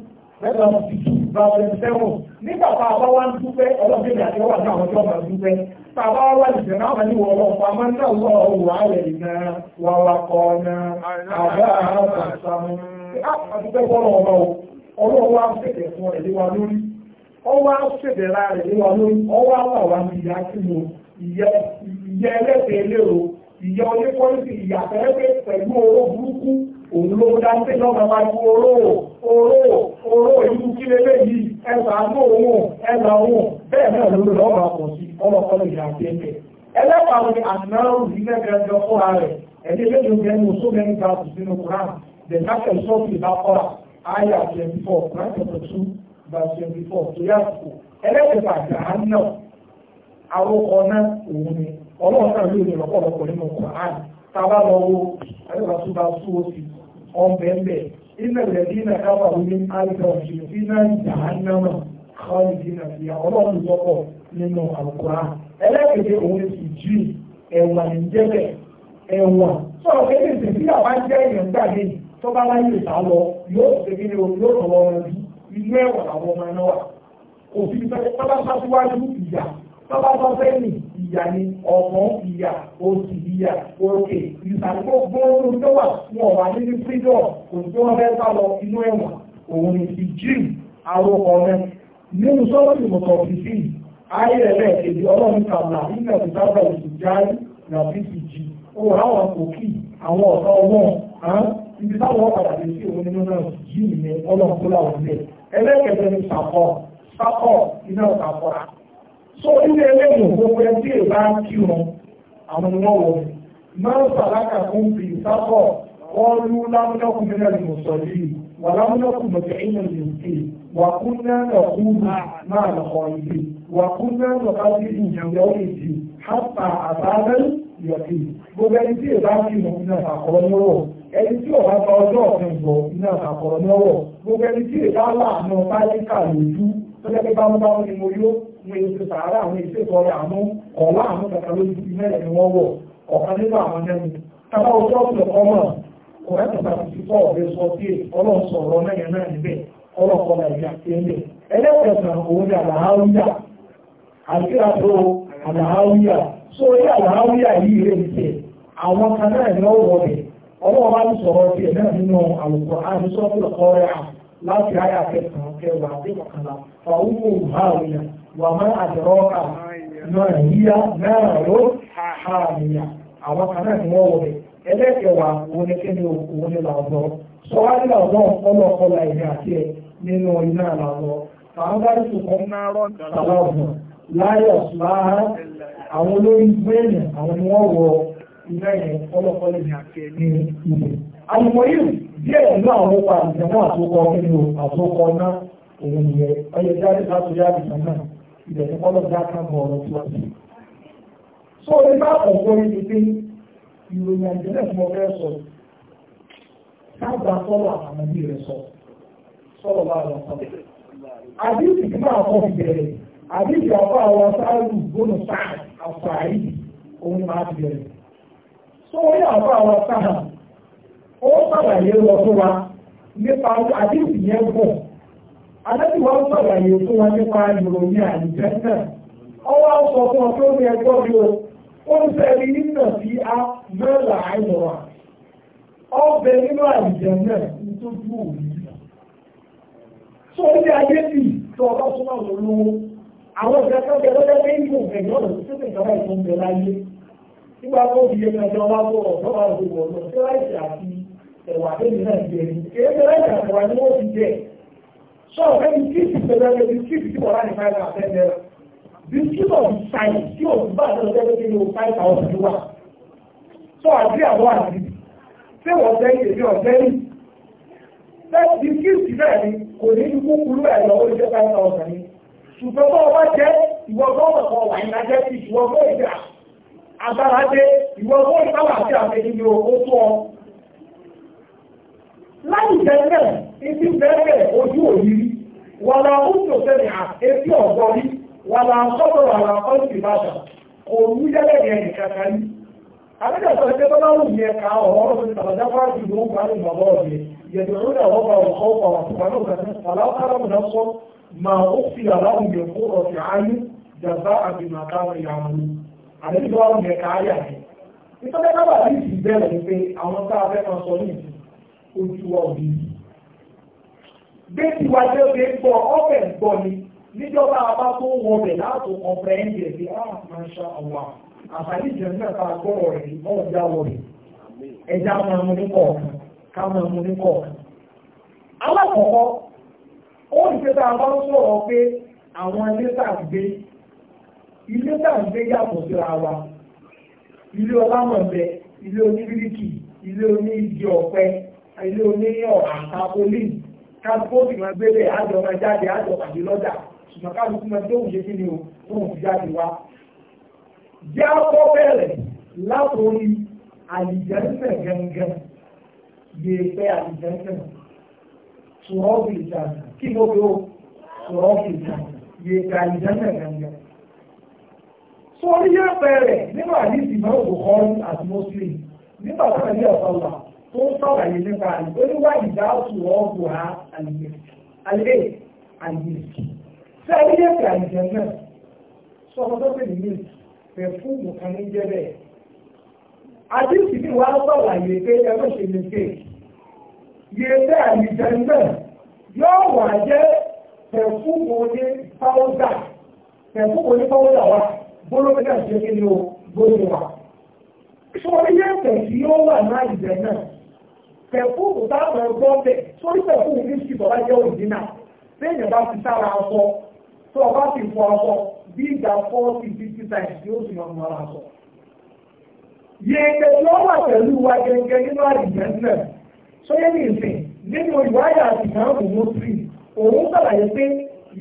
mẹ́ta ti tù nígbà tá wá ń dúpẹ́ ọlọ́dún ìgbà tí o òun ló dá sí lọ́gbà bá ju oró oró oró ìlú kí lélẹ̀ yìí ẹgbà ní òun ẹgbà òun bẹ́ẹ̀ náà ló lọ ọgbà pọ̀ sí ọlọ́kọ́lọ́ ìyá pẹ́ẹ́pẹ́ ẹlẹ́pàá ni àtìmọ́ràn òbí mẹ́gbẹ́ ẹjọ́ fúnra rẹ̀ ẹ̀dí ilé ìlú gẹ́nu so many grams nínú Quran the national sọ́ọ̀tì bá kọ́ra ayé twenty four Quran chapter two verse twenty four tó yà kú ẹlẹ́pàá gàá náà àwọn ọ̀nà òun ni ọlọ́ọ̀ta ló lè lọ́pọ̀lọpọ̀ nínú Quran tábà lọ wo ayé wàásù bá sú ó sì kú ọ̀bẹ̀ẹ̀bẹ̀ ilẹ̀ lẹ́bí na kápá omi alifọ̀n ṣe fi náà jà á náà kọ́lì bí na fi ọlọ́run lọ́pọ̀ nínú àkùrá ẹlẹ́kẹ̀dẹ̀ òun ti jí ẹ̀wà ń jẹ́bẹ̀ ẹ̀wà sọ̀rọ̀ pé ní ìsìnkú àbá jẹ́ èèyàn gbàgbé tó bá láyé ìta lọ yóò ìyà ni ọ̀pọ̀ ìyà oṣù ìyà òkè ìsàkó gbóòórù tó wà fún ọ̀wà nínú fídọ̀ òṣù ọ̀rẹ́ sá lọ inú ẹ̀wọ̀n òun ni ti jìm aró ọ̀rẹ́ nínú sọ́ọ̀tì mọ̀tọ̀ fífi ayẹ̀rẹ̀ èdè ọlọ́run kàmà nígbà tó sábà oṣù jáì nàbí ti jì ó ráwọn òkì àwọn ọ̀tọ̀ wọn ibi táwọn padà dé sí òun nínú náà jìm ni ọlọ́run tó láwọn ilẹ̀ ẹlẹ́kẹ̀ẹ́ ni sàkọ̀ sàkọ̀ iná ọ̀tàkọ̀ra so ilé ẹlẹ́nu gbogbo ẹbí ẹ̀ bá ń kí wọn àwọn ni wọ́n wọ̀ máa ń sàlákà fún bí sábọ̀ wọ́n lú lámúnákùn nínú ìmùsọ̀lì wà lámúnákùn mọ̀tẹ́ ìyẹn ìrìnkè wà kún náà lọ kú máa lọ kọ ìdí wà kún náà bá sí ìyàwó ìdí hápà àbábẹ́ ìyọ̀kì gbogbo ẹni tí ẹ̀ bá kí wọn nínú àkọ́rọ́ lọ́wọ́ ẹni tí ọ̀rá bá ọjọ́ ọ̀fin bọ̀ nínú àkọ́rọ́ lọ́wọ́ gbogbo ẹni tí ẹ̀ bá láàánú bá wọn yóò ṣe sàárà àwọn iṣẹ́ sọ̀rọ̀ àmú ọ̀la àmú kàkà lójú mẹ́rẹ̀ ni wọ́n wọ̀ ọ̀kan nínú àwọn ẹni tábà ojú ọ̀sẹ̀ ọmọ kọ̀rẹ́tà tàbí sísọ ọ̀rẹ́ sọ sí ọlọ́run sọ̀rọ̀ mẹ́rin náà níbẹ̀ ọlọ́kọ̀ nàìjíríà ti ń bẹ̀ ẹlẹ́kọ̀ọ̀sán òun ni àlàáwíyà àti àtò àlàáwíyà só orí àlàáwíyà yìí rẹ̀ ń tẹ̀ àwọn kan náà ni ó wọ̀ bẹ̀ ọlọ́run bá ń sọ̀rọ̀ tiẹ̀ náà láti ayà kẹsàn kẹwàá dé kọkànlá fàwọn ohun wàmọ́ àdìrọ́kà náà yíyá náà ló hàmìyà àwọn kan náà ni wọ́n wọ̀ bẹ̀ ẹlẹ́kẹ̀wàá òun ni kíni òun ni làwọ̀ sọ wá nílà ọ̀dọ́ ọ̀pọ̀lọ̀ ọ̀pọ̀lọ̀ ẹ̀yìn àti ẹ̀ nínú iná làwọ̀ àwọn láyọ̀ àwọn olórí àwọn ni wọ́n wọ iná yẹn àti ẹ̀ ní yìí díẹ̀ àwọn nínú òun yẹ ibẹ̀ ní kọ́lọ́ bí akábọ̀ tí wọ́n ti. so ní bá ọ̀pọ̀ ibi pé ìròyìn àjẹlẹ̀ fún ọ̀rẹ́ sọ sábà sọ́lọ̀ àwọn ọmọdé rẹ̀ sọ sọ́lọ̀ bá wọn sọ. àdéhùn tí máa kọ́ bẹ̀rẹ̀ àdéhùn so nípa àdéhùn Adébíwá ń sọ̀rọ̀ àyè fún wa nípa ìròyìn àìjẹ́ Ọwọ́ sọ fún ọjọ́ ní o. Ó ń fẹ́ rí nínà a mẹ́rà àìlọ́wà. Ọbẹ̀ nínú àìjẹ́ náà ń tójú òní. Sọ ayé bì ọba súnmọ́ lọ lówó. Àwọn ìgbàkan bẹ lọ́jọ́ pé ń gùn tó Nígbà tó fi ọjọ́ wá bọ̀ So when you keep the level, you keep people around the five thousand level. Uh, the skill of science, skill of bad of everything will five thousand to one. So I agree and one agree. Ṣé wọ́n jẹ́ ìdèbí ọ̀jẹ́ yìí? Lẹ́yìn the ti bẹ́ẹ̀ ni kò ní ní kúkúrú ẹ̀ lọ orí jẹ́ five thousand ni. Ṣùgbọ́n bọ́ ọba jẹ́ ìwọ gbọ́dọ̀ wà ní láì bẹ̀rẹ̀ ibi bẹ̀rẹ̀ ojú òyìnbí wà láà àti ọ̀gọ́ rí òun ló ń a ojú ọ̀bí. Bẹ́ẹ̀ni wá jẹ́ pé gbọ́ ọbẹ̀ gbọ́ ni níjọba àbá tó ń wọ bẹ̀ láàtò ọ̀pẹ̀ ẹ̀ǹdẹ̀ sí àwọn àmàṣà ọ̀wà àfàlì ìjẹ̀mẹ́ ta gbọ́rọ̀ rẹ̀ ọ̀dà wọ̀rẹ̀ ẹja máa mú ní kọ̀ọ̀kan ká máa mú ní kọ̀ọ̀kan. Alákọ̀ọ́kọ́ ó ń ṣe tá a bá ń sọ̀rọ̀ pé àwọn ilé tá à ń gbé ilé tá à ń gbé yàtọ̀ síra wa ilé ọlámọ̀bẹ ilé oníbíríkì ilé oní igi ilé oníyàn àtàbólì kábóòtì máa gbélé àjọ máa jáde àjọ pàdé lọ́jà ṣùgbọ́n kálukú máa tó òun ṣe kí ni o tó òun fi jáde wá. jẹ́ ọkọ̀ bẹ̀rẹ̀ látòrí àlìjẹ́ńsẹ̀ gẹ́gẹ́ gbèsè àlìjẹ́ńsẹ̀ tùrọ́ọ̀bì ìjànà kí ló ló tùrọ́ọ̀bì ìjànà gbèsè àlìjẹ́ńsẹ̀ gẹ́gẹ́. sórí yẹ́pẹ̀ rẹ̀ nínú àdìsí náà kò kọ́ àti mọ́sílì nígbà tó ń tó sọ̀rọ̀ yìí nípa rẹ̀ ó ní wá ìdá òtù ọ̀gbù ha àlè àyèsí sí àyèsí àyèsí náà sọ̀rọ̀ tó fi nìyí rẹ̀ fún nǹkan ní jẹ́ bẹ́ẹ̀. àdìsí ni wàá sọ̀rọ̀ yìí pé ẹ ló ṣe lè fè yìí pé àyèsí náà yóò wà jẹ́ pẹ̀fún òní pàwọ́dà pẹ̀fún òní pàwọ́dà wa gbólóhùn náà ṣe kí ni o gbólóhùn wa. sọ ilé ẹ̀kẹ́ tí yóò wà ní àyèsí náà pẹ̀fúùmù táwọn ẹ̀gbọ́n bẹ̀ sórí pẹ̀fúùmù ní ṣì bọ̀lá jẹ́ òdínà lẹ́yìn bá ti sára ọkọ tó o bá ti fọ ọkọ bí ìgbà fọ́ọ̀tì fifty times yóò sì yọ ọmọ ara sọ. yèèkè tí wọ́n wà pẹ̀lú wa gẹ́gẹ́ nínú àdìgbẹ́ náà sóyè ní ìsìn nínú ìwáyà àtìgbà òun sí òun sàlàyé pé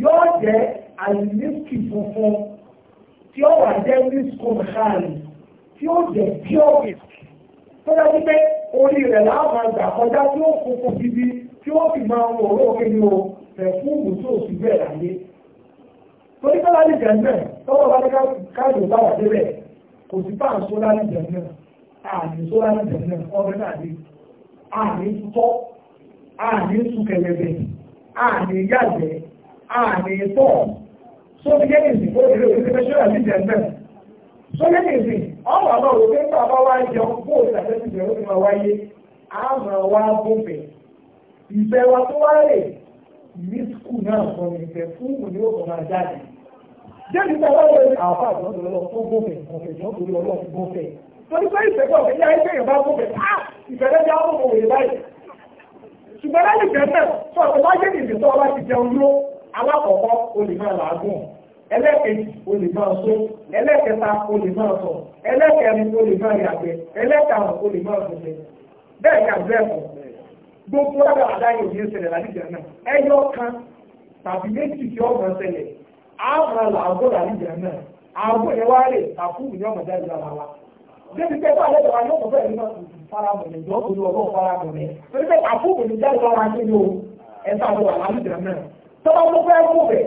yóò jẹ́ àìníṣkì funfun tí ó wà jẹ́ níṣkò mẹ́kàlì tí ó jẹ́ pure tó dájú pé orí rẹ̀ láàmà gbà kọjá tí ó kókó gidi tí ó fi máa wọ owó kí o fẹ̀fúùmù tó sì bẹ́ẹ̀ láyé. torí pé láti jẹ̀ náà tọ́wọ́ bá ní káàdì bá wà débẹ̀ kò sí bá ń sọ láti jẹ̀ àmì sọ láti jẹ̀ náà náà ní àmì tọ́ àmì àmì àmì tọ́ ọ̀rọ̀ náà ló pé bàbá wa jẹun kó o ṣàfẹ́ ti bẹ̀rù ti máa wáyé a máa wá bófẹ̀ ìfẹ́ wa tó wá rè ní skul náà sọ ní ìfẹ́ fún òní òkò máa jáde jẹ́bi tí a bá wọlé àwọn afá àti ọ̀dọ̀ lọ́wọ́ fún bófẹ̀ ọ̀fẹ̀ jọ́ torí ọlọ́ọ̀ fún bófẹ̀ torí pé ìfẹ́ kọ̀ ọ̀fẹ́ yá ẹgbẹ́ yẹn bá bófẹ̀ á ìfẹ́ lẹ́jà ó mọ̀ wòye báyìí ṣùgbọ́n láyé gẹ̀ẹ́sẹ̀ sọ̀tọ̀ bá jẹ́ ìdìtọ́ ọba ti jẹun ló alákọ̀ọ́kọ́ olè máa làágùn ẹlẹ́kẹ̀jì o lè máa só ẹlẹ́kẹta o lè máa sọ ẹlẹ́kẹrin o lè máa yàgbẹ́ ẹlẹ́karùn o lè máa sọ̀tẹ̀ bẹ́ẹ̀ ni àgbẹ̀ ẹ̀kọ́ gbogbo ọ̀dọ̀ àdáyé òní ìṣẹ̀lẹ̀ lálìjẹ̀ náà ẹyọ kan tàbí méjì tí ọmọ ṣẹlẹ̀ àmọ́ làágbó lálìjẹ̀ náà àgbo yẹn wá lè àkúrú ní ọmọ jáde lára wa débi pé bá àlejò wa yóò kọ́ bẹ́ẹ̀ nínú faramọ̀lẹ̀ ìjọ́ òní ọgbọ́n faramọ̀lẹ̀ torí pé àkúrú ní jáde lára wa nínú ẹ̀ta àgbọ̀ lálìjẹ̀ náà tọ́lá ló fẹ́ kú bẹ́ẹ̀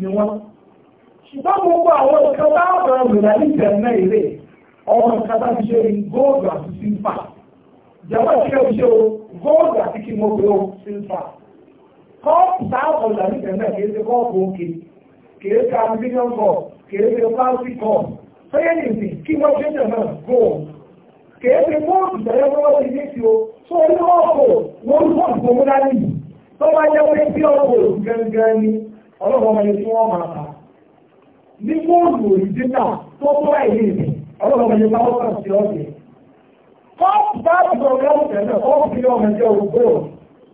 ni wọ́n ṣùgbọ́n gbogbo àwọn nǹkan bá ọ̀rọ̀ ìrìnà nígbà náà èrè ọmọ nǹkan bá ti ṣe góòlù àti sílfà jẹ́wọ́ ìṣe òṣè o góòlù àti kí mo gbé o sílfà kọ́ọ̀pù táwọn ìrìnà nígbà náà kìí ṣe kọ́ọ̀pù òkè kìí ṣe amílíọ̀n kọ̀ kìí ṣe pàṣí kọ̀ fẹ́yìntì kí wọ́n ṣe jẹ̀ náà góòlù kìí ṣe góòlù tẹ̀lé wọ́n ti ní ti o tó orí ọ̀pọ̀ wọ́n ń bọ̀ tó mú dání tó bá jẹ́ pé bí ọ̀pọ̀ gẹ́gẹ́ ni ọlọ́wọ́ ọmọ yẹn tí wọ́n máa ta ní fóònù òrìjínà tó tó ẹ̀yẹ ìbẹ̀ ọlọ́wọ́ ọmọ yẹn bá wọ́n kàn sí ọ̀sẹ̀ kọ́ọ̀pù bá àtúntò ọ̀gáwù tẹ̀lé kọ́ọ̀pù ilé ọmọ ẹ̀jẹ̀ ògbó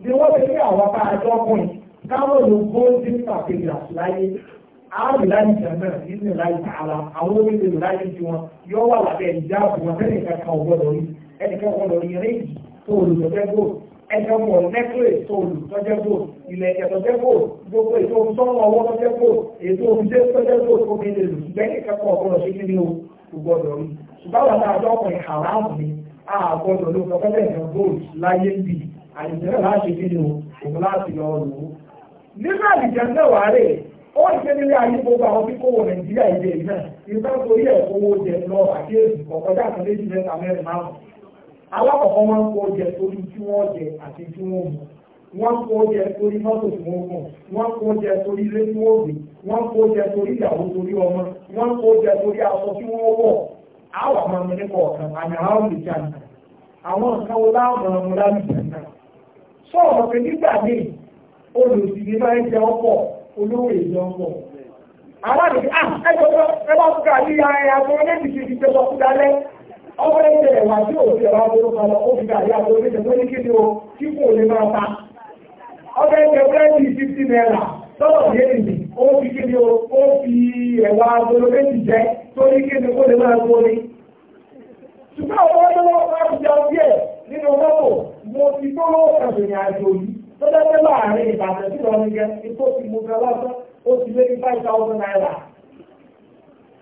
ni wọ́n ti ní àwọn bá àjọkùnrin káwọn olùgbó ti ń pàkejì àtìláyé ààrùn láì jẹ̀mẹ̀ nínú láì tààrà àwọn orílẹ̀ láì ju wọn yóò wà lábẹ́ ìjáàbù wọn fẹ́ẹ̀ ẹjọ́ bọ̀ lẹ́kọ̀ọ́ ètò olùtọ́jẹ́bò ilẹ̀ ẹ̀tọ́jẹ́bò gbogbo ètò sọ́nà ọwọ́ tọ́jẹ́bò ètò oúnjẹ tọ́jẹ́bò tó fi lè lù bẹ́ẹ̀ kẹ́kọ̀ọ́ ọ̀gbọ́dọ̀ ṣe kí ni o gbọ́dọ̀ rí ṣùgbọ́n àwọn àjọ ọkùnrin haram ni a gbọ́dọ̀ ló sọ fẹ́lẹ̀ ẹ̀yàn gold láyé ń bì àìsàn láti kí ni o òun láti lọ lò ó. nínú àlìjẹ náà wà rè ó ń ṣe nílé ayé gbogbo àwọn tí kówó Nàìjíríà ilé náà ìfẹ́ torí ẹ̀kọ́ owó jẹ lọ àti èsì kọ̀ọ̀kọ́jà kan méjì mẹ́ta mẹ́rin márùn-ún alákọ̀ọ́kọ́ wọ́n ń kó oúnjẹ torí tí wọ́n jẹ àti tí wọ́n mú wọ́n kó oúnjẹ torí mọ́tò tí wọ́n kàn wọ́n kó oúnjẹ torí ilé tí wọ́n gbé wọ́n kó oúnjẹ torí ìyàwó torí ọmọ wọ́n kó oúnjẹ torí aṣọ tí wọ́n wọ̀ àwọn ọmọ mi nípa ọ̀kan àmì àwọn olùjà nà àwọn nǹkan wo láwọn ọmọ ọmọ láwùjọ nà sọ ọ̀rọ̀ pé nígbà míì olùsìnkì máa ń jẹ ọkọ̀ olówó èdè ọkọ̀ aláàbí à ẹjọ́ ẹjọ́ ẹjọ́ ẹgbẹ́ ẹ̀wà tí ò fi ọ̀rọ̀ aburú kan lọ ó fi ní ìṣẹ̀fún ní kíni o kí kò lè máa ta ẹgbẹ́ tọ́lọ̀ ó fi o ó fi ẹ̀wà méjì kó lè máa gbó ni. ṣùgbọ́n àwọn ọmọdé wọn nínú mọ́tò mo ti tó lọ́wọ́ àjò yìí tó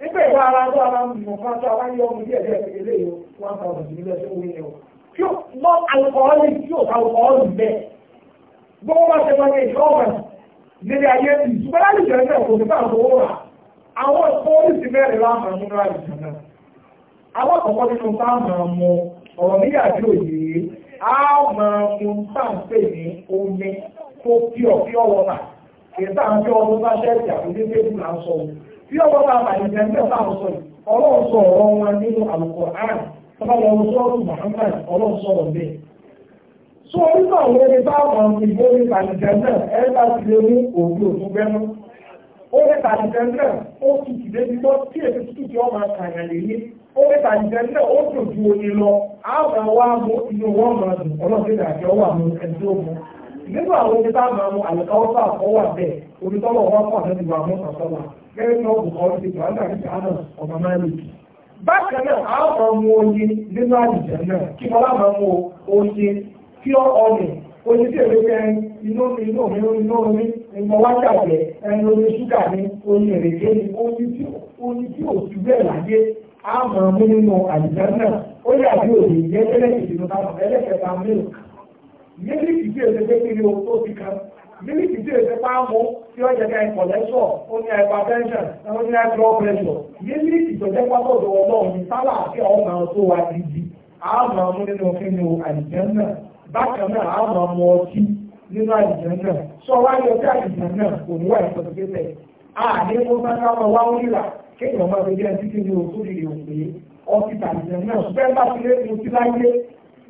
nígbà ìwà ara tó ara ń mọ̀ fún aṣọ aláyé ọmọ ilé ẹ̀jẹ̀ ìpínlẹ̀ yìí one thousand nílẹ̀ tó wí ni o tí ó mọ alukọ́ọ́lì tí ó alukọ́ọ́lì bẹ́ẹ̀ gbogbo bá ṣe wọlé ìṣọ́ọ̀bà nílé ayé ìṣùgbọ́n láti jẹ́ ẹgbẹ́ òkú nípa àtọwọ́ rà àwọn pólísì mẹ́rin láàmà nínú àìsàn náà àwọn àkọ́kọ́ nínú bá máa mọ ọ̀rọ̀ níyà tí ò yé á máa mú sáǹpẹ̀ ní omi tó pí ọ̀ pí ọ̀wọ́ náà kì í sáǹpẹ̀ ọdún bá ṣẹ́ẹ̀tì àbúdé tébù là sọ bí ọwọ́ bá bàjẹ́ jẹ́ ní ọ̀tá ọ̀sọ̀ ọlọ́run ọ̀rọ̀ wọn nínú àlùkò àrùn tọ́lá lọ sọ Muhammad ọlọ́run bẹ́ẹ̀. sọ orúkọ àwọn ẹni bá wọn ní ẹ bá ti lè mú òbí òfin ó náà ó tí tútù tí wọ́n máa kàyàn lè yé ó náà ó lọ àwọn àwọn wọn nínú àwọn omi tá a máa mu àlùkáwọ́ bá àkọ́ wà bẹ́ẹ̀ omi tọ́lọ̀ wọn kọ́ àtẹ́tù wà mọ́ sọ̀tọ́là gẹ́gẹ́ bí wọ́n kọ́ ọ́n ọmọ máa bákan náà a máa nínú àlùjẹ náà kí wọ́n lá máa mu oye kí ọ tí inú inú inú ìmọ̀ wá jàgbẹ́ ẹni omi ṣúgà ní tí ò mílíkì tí èdè pépé ni ohun tó ti kan mílíkì tí èdè páàmù tí ó jẹjẹ ìkọ̀lẹ́sọ̀ ó ní hypertension ó ní high blood pressure mílíkì tó jẹ́ pápọ̀ tó wọ́n náà sábà àti àwọn ọmọ tó wà níbi àmọ́ mú nínú nínú àìjẹ́ náà bákan náà àmọ́ mú ọtí nínú àìjẹ́ náà sọ wáyé ọtí àìjẹ́ náà kò ní wà ìfọ̀tọ̀kẹ́tẹ̀ àní mo máa ń káwọn wá wíwà kéèyàn máa fi jẹ́ títí ní òkú rèé òpè ọtí àìjẹ́ náà bẹ́ẹ̀ bá ti lé mu sí láyé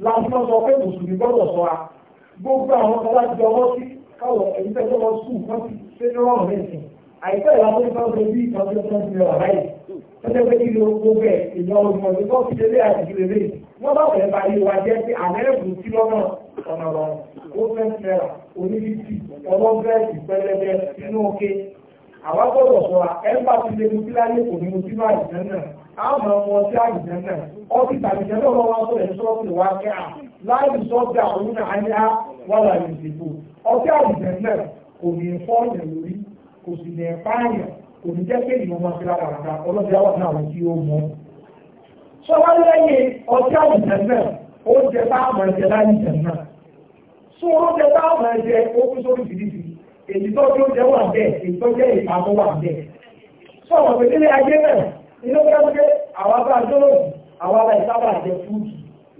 lásán sọ pé mùsùlùmí gbọ́dọ̀ sọ gbogbo àwọn ọba jọ wọ́n sí káwọ̀ ẹ̀yìn tẹ́jọ́ wọn sùn wọ́n sì ṣe ní wọ́n rẹ̀ sùn àìpẹ́ ìlànà ìfẹ́ ọ̀sẹ̀ bí ìtọ́jú ọ̀sẹ̀ ti rọ̀ láyé tọ́jọ́ pé kí ló gbogbo ẹ̀ ìlọ ọ̀gbọ̀n ní kọ́ sílé lé àti ìlú lé wọ́n bá fẹ́ bá yíwa jẹ́ sí àmẹ́rẹ́kùn sí lọ́nà ọ̀nà ọ̀rọ̀ ó fẹ́ fẹ́ra oníbìtì ọwọ́ bẹ́ẹ̀sì pẹlẹbẹ nínú oke àwa gbọ́dọ̀ sọ ẹ̀ńbà ti lé mu síláyé kò ní mu sínú àìsàn náà àwọn ọmọ ọtí àìsàn náà ọtí tàbí láàrín sọ́jà òun náà ní á wà láàrín ìdìbò ọtí àìjẹ náà kò ní fọ́ọ̀yàn lórí kò sì ní ẹ̀fáàyàn kò ní jẹ́ pé ìwọ̀n máa fi lára àga ọlọ́dẹ àwọn náà wọ́n tí ó mọ́. sọ́wọ́n lẹ́yìn ọtí àìjẹ náà oúnjẹ bá àmọ̀ ẹ̀jẹ̀ láàrín ìjẹ náà sún oúnjẹ bá àmọ̀ ẹ̀jẹ̀ ó kú sórí ìdìbò èyí tó jẹ́ wà bẹ́ẹ̀ èyí tó jẹ́ ìpamọ́ wà bẹ́ẹ̀. sọ̀rọ̀ pẹ̀lú ilé ayé náà inú kẹ́kẹ́ àwọn abá àjọ́lọ́sì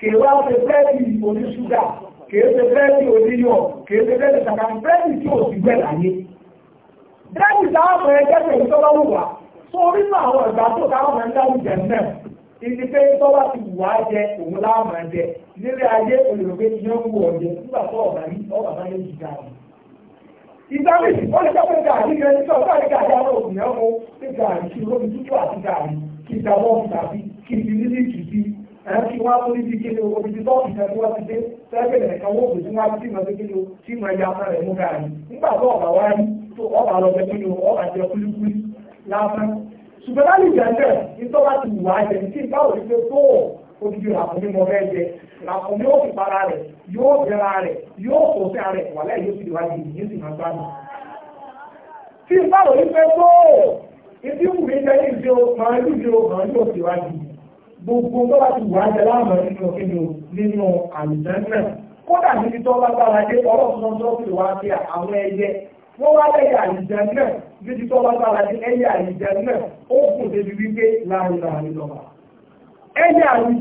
kìí wá ṣe bẹ́ẹ̀dì oní ṣúgà kìí ṣe bẹ́ẹ̀dì oníyọ̀ kìí ṣe bẹ́ẹ̀dì ṣàkà bẹ́ẹ̀dì tí ò sí bẹ́ẹ̀ láyé bẹ́ẹ̀dì táwọn ẹgbẹ́ pẹ̀lú tó bá wù wá tó rí nù àwọn ìgbà tó táwọn ẹgbẹ́ wù jẹ náà ibi pé tó bá ti wù wá jẹ òun láwọn ẹgbẹ́ nílé ayé olùrògbé ti yán wù ọ̀jẹ nígbà tó ọ̀bà yìí ọ̀bà bá yẹ jù dáa ìdáhùn ìsìnkú lè sọ́kùnrin gàrí rẹ̀ ní sọ́kùnrin gàrí gàrí àwọn òbí ẹ̀wọ̀n ní gàrí kí lómi tútù àti gàrí kí ìdáwọ́ tàbí kí ìdílé kìí ẹ̀rọ tí wọ́n á tó níbi kíni omi tí tọ́ọ̀kì kan tí wọ́n ti dé sẹ́gbẹ̀rẹ̀ kan wọ́n kò tí wọ́n sí kíni o tí mọ̀ ẹja fún mú ká ní. nígbà tó ọ̀bà wá ní tó ọ̀bà lọ bẹ kíni ọ̀bà jẹ kúlíkúlí lásán. ṣùgbọ́n láti jẹ́ ẹ̀ nítorí wá ti wà jẹ tí nígbà wò ní tó odidi làkúnmí mọ bẹ́ẹ̀ jẹ làkúnmí yóò fi para rẹ̀ yóò jẹra rẹ̀ yóò sọ sí ara rẹ̀ wàlẹ́ yóò fi wájú yìí sì máa gbádùn. tí nígbà wò ní tó ibi wù mí jẹ́ ìdí o màá lù mí o màá lù sí wájú. gbogbo tó bá ti wà jẹ láàmù nínú kíni nínú àlùjẹ́ńnà kódà níbi tó bá gbára dé ọlọ́sùn tó fi wá sí àwọn ẹyẹ wọ́n wá lẹ́yẹ àlùjẹ́ńnà níbi tó bá gbára dé ẹyẹ ó kù débi wípé láàrin láàrin lọ́wọ́ ẹyẹ ọkàn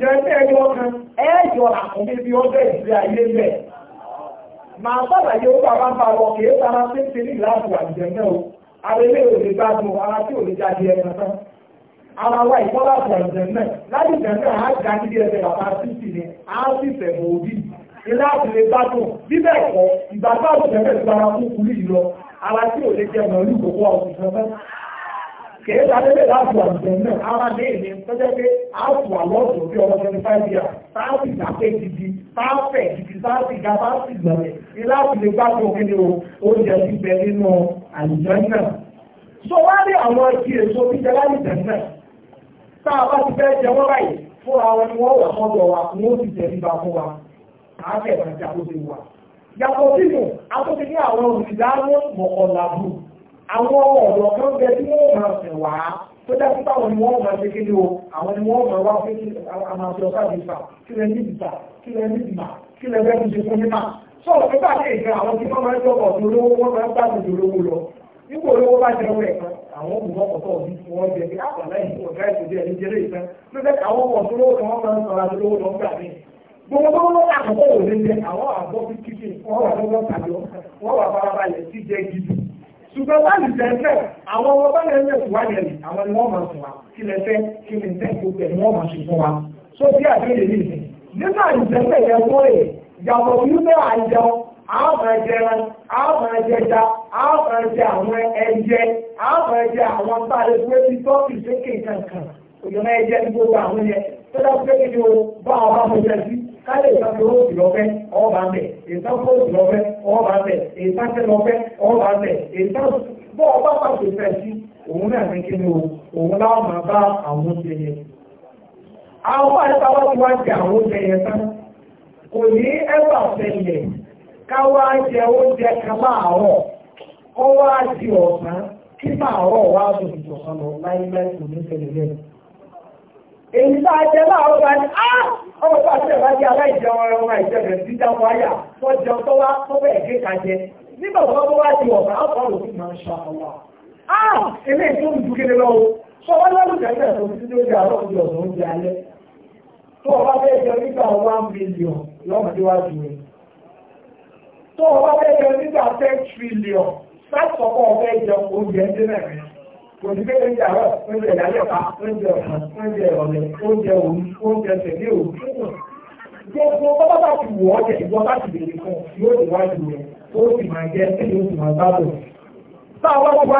bí ayé bẹ̀ ó bàbá bá kì í pé ní o ara wa ìfọ́lá fún ẹ̀jẹ̀ náà láti ìjẹ̀mẹ́ àá ga níbi ẹ̀jẹ̀ bàbá títì ni á sì fẹ̀mọ̀ òbí ilé àtìlẹ̀ gbádùn bíbẹ̀ ẹ̀kọ́ ìgbà bá òjẹ̀mẹ́ ti bára fún kúrú yìí lọ ara tí ò lè jẹ mọ̀ ní ìgbòkó ọ̀sùn fẹ́ kèé lálẹ́lẹ́ láti àjẹ̀ náà ara ní èmi tọ́jẹ́ pé a fò àlọ́dún bí ọmọ twenty five years táàbì ìgbàpé gidi táàfẹ̀ gidi táàbì ga táàbì ìgbàlẹ̀ ilé àtìlẹ̀ gbádùn òkè ni oúnjẹ ti bẹ nínú àjẹ̀ náà. sọ wá ní àwọn ẹkí èso jíjẹ láti tẹ̀ tá a bá ti fẹ́ jẹ wọ́n báyìí fúnra wọn ni wọ́n wọ̀ mọ́jọ wa ni ó sì tẹ̀lé ba fún wa àáfẹ́ ìrántí àkóso wa. yàtọ̀ sínú àkóso ní àwọn olùdáná mọ̀kànlá bù àwọn ọ̀rọ̀ kan bẹ tí wọ́n máa fẹ̀ wá tó dájú pé àwọn ni wọ́n máa ṣe kéde o àwọn ni wọ́n máa wá pé kí a máa fi ọ̀sán àdìsá kí lẹ ní ìdìsá kí lẹ ní ìdìmá kí lẹ bẹ́ẹ̀ ti ṣe fún yín sọ̀rọ̀ pé bá àwọn tí wọ́n máa ń jọ̀bọ̀ lólówó wọ́n máa ń gbàgbé lólówó lọ nígbà olówó bá jẹ owó ẹ̀kan àwọn olùkọ́ ọ̀tọ̀ òbí tí wọ́n jẹ pé àpàlà ah, ìlú ọ̀gá ìtòjú ẹ̀ jẹ́rẹ́ ìtàn ló fẹ́ àwọn ọmọ tó lówó kan máa ń sọ̀rọ̀ àti lówó lọ́n gbà mí. gbogbo tó lówó àkọ́kọ́ ò lè jẹ àwọn àgbọ̀ bí kíkì wọ́n wà lọ́wọ́ tàbí wọ́n wà farabalẹ̀ sí jẹ gidi. ṣùgbọ́n wá lè tẹ́lẹ̀ àwọn ọmọ bá lẹ́yìn ẹ̀sùn wá yẹn àwọn ni wọ́n máa sùn wá kí lẹ fẹ́ kí lè fẹ́ gbogbo ẹ̀ wọ́n máa ṣe fún wa. só bí àbẹ̀rẹ̀ nìyí nígbà ìtẹ́lẹ̀ yẹn wọ́n rè yàtọ̀ bí ó àwọn máa jẹran àwọn máa jẹja àwọn máa jẹ àwọn ẹyẹ àwọn máa jẹ àwọn báyìí pé bí tọ́kì sókè kankan òjòmọ́ ẹyẹ ní gbogbo àwọn yẹn tó dá pé kí o bá wọn bá mọ̀jẹ́ sí káyé ìtàkùn òsì lọ́fẹ́ ọ̀ọ́bà mẹ́ ìtàkùn òsì lọ́fẹ́ ọ̀ọ́bà mẹ́ ọba sí òun náà ní o òun láwọn máa káwá jẹ oúnjẹ kan láàárọ̀ kó wá di ọ̀sán kí láàárọ̀ wá dùn ìjọ̀sán lọ láíláí kò ní ṣẹlẹ̀ èyí tá a jẹ láàárọ̀ bá ní á ọmọ tó àti ẹ̀rọ ajé aláìjẹun ẹran ọmọ ìjẹbẹ̀ sí dáwọ́ àyà wọ́n jẹun tó wá tó jẹ nígbà tó wá di ọ̀sán tó ọwọ́ ẹgbẹ́ nígbà ten trillion sátọ̀kọ̀ ọ̀fẹ́ jẹun oúnjẹ ẹgbẹ́ mẹ́rin kò ní kéde ìjà oúnjẹ ìyálẹ̀ka oúnjẹ ọ̀sán oúnjẹ oúnjẹ oúnjẹ tẹ̀lé gbogbo bọ́bá bá ti wọ̀ bá ti bèrè fún yóò ti wá ju rẹ̀ ó sì máa sì máa bá wá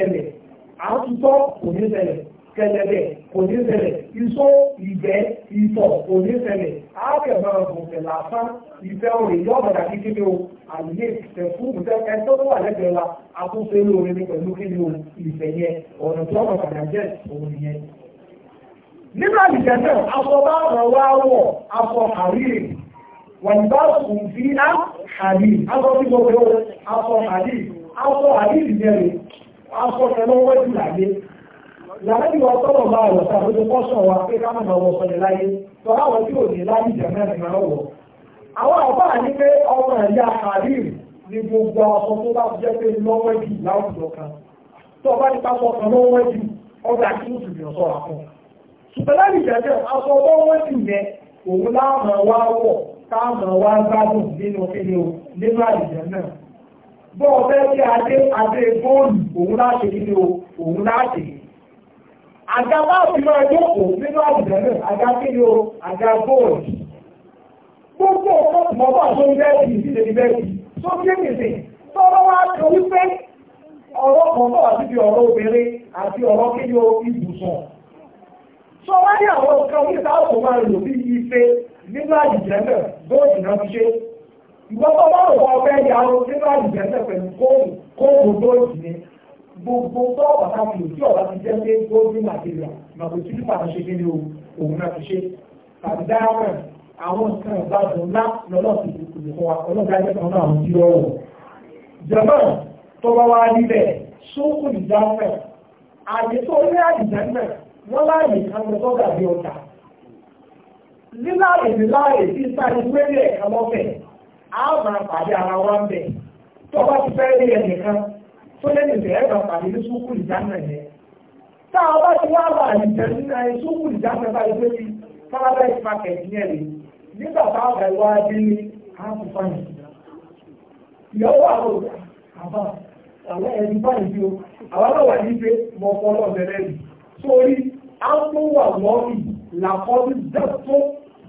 jà àtúntọ́ kò ní ṣẹlẹ̀ kẹlẹ̀bẹ̀ kò ní ṣẹlẹ̀ iṣó ìgbẹ́ ìtọ̀ kò ní ṣẹlẹ̀ ákẹ̀mọ́ ọ̀gbọ̀n lásán ìfẹ́ orin yóò bọ̀dà kí kí ni o àlùyé ìfẹ́ fún ìfẹ́ ẹ̀tọ́ tó wà lẹ́gbẹ̀ẹ́ wa àtúnṣe lóore ní pẹ̀lú kí ni o ìfẹ́ yẹn ọ̀nà tí wọ́n padà jẹ́ òun yẹn. nínú àlùjẹ́ náà aṣọ bá rọ̀ wá wọ̀ aṣọ àríyè wọ̀n bá sùn sí á àdì aṣọ tí mo fẹ́ aṣọ àdì aṣọ àdì ìjẹrìí asọ̀rọ̀ lọ́wọ́ ìdílàyé làbẹ́bí wọn tọ́lọ̀ máa wọ̀ sáà lójú wa pé ká máa wọ sọ̀rọ̀ láyé tọ́ àwọn tí ò ní láyé ìjà náà máa wọ̀. àwọn àbá ní pé ọmọ ìyá ni gbogbo tó bá jẹ́ pé lọ́wọ́ jù láwùjọ kan tó ọba ní kan lọ́wọ́ jù ọjà ó tùbí ṣùgbọ́n aṣọ lọ́wọ́ jù yẹn òun wọ̀ gbádùn o nínú bọ́ ọ̀fẹ́ tí adé adé fóònù òun láti nínú òun láti àga bá fi máa jókòó nínú àwùjọ náà àga kí ni o àga fóònù gbogbo ọ̀pọ̀ mọ́bà tó ń bẹ́ẹ̀ bì sí lè bẹ́ẹ̀ bì tó dé nìsín tọ́lọ́ wá tó wípé ọ̀rọ̀ kan náà àti bí ọ̀rọ̀ obìnrin àti ọ̀rọ̀ kí ni o ibùsùn sọ wá ní àwọn nǹkan oníta ọ̀pọ̀ máa lò bí ife nínú àwùjọ náà bóòdì náà fi ṣe ìgbọ́tọ̀ gbogbo tó ọ̀pá fi òtí ọ̀pá ti jẹ́ pé gómìn màtìrìà màtò tí nípa àṣẹ kí ni òun náà ti ṣe tàbí dáhùn àwọn nǹkan ìbàdàn ńlá lọ́nà ti kùkùrù fún wa ọlọ́dà ẹgbẹ́ kan náà àwọn tí jẹ̀mọ́ tó bá wá níbẹ̀ sókùn ìdáhùn àti tó ní àdìjẹ́mẹ̀ wọ́n láàyè kan lọ sọ́gà ọjà. líláàyè a máa pàdé ara wa ń bẹ̀ tó bá ti fẹ́ rí ẹnìkan tó lé nìfẹ́ ẹ̀ máa pàdé ní sùkúù ìdáná yẹn tá a bá ti wá wà ìjẹ́ nínú ẹ̀ sùkúù ìdáná bá nígbà tá a wá dé ní ìyàwó àwọn àbá àwọn ẹni o àwọn náà wà ní bẹ̀rẹ̀ rí tó wà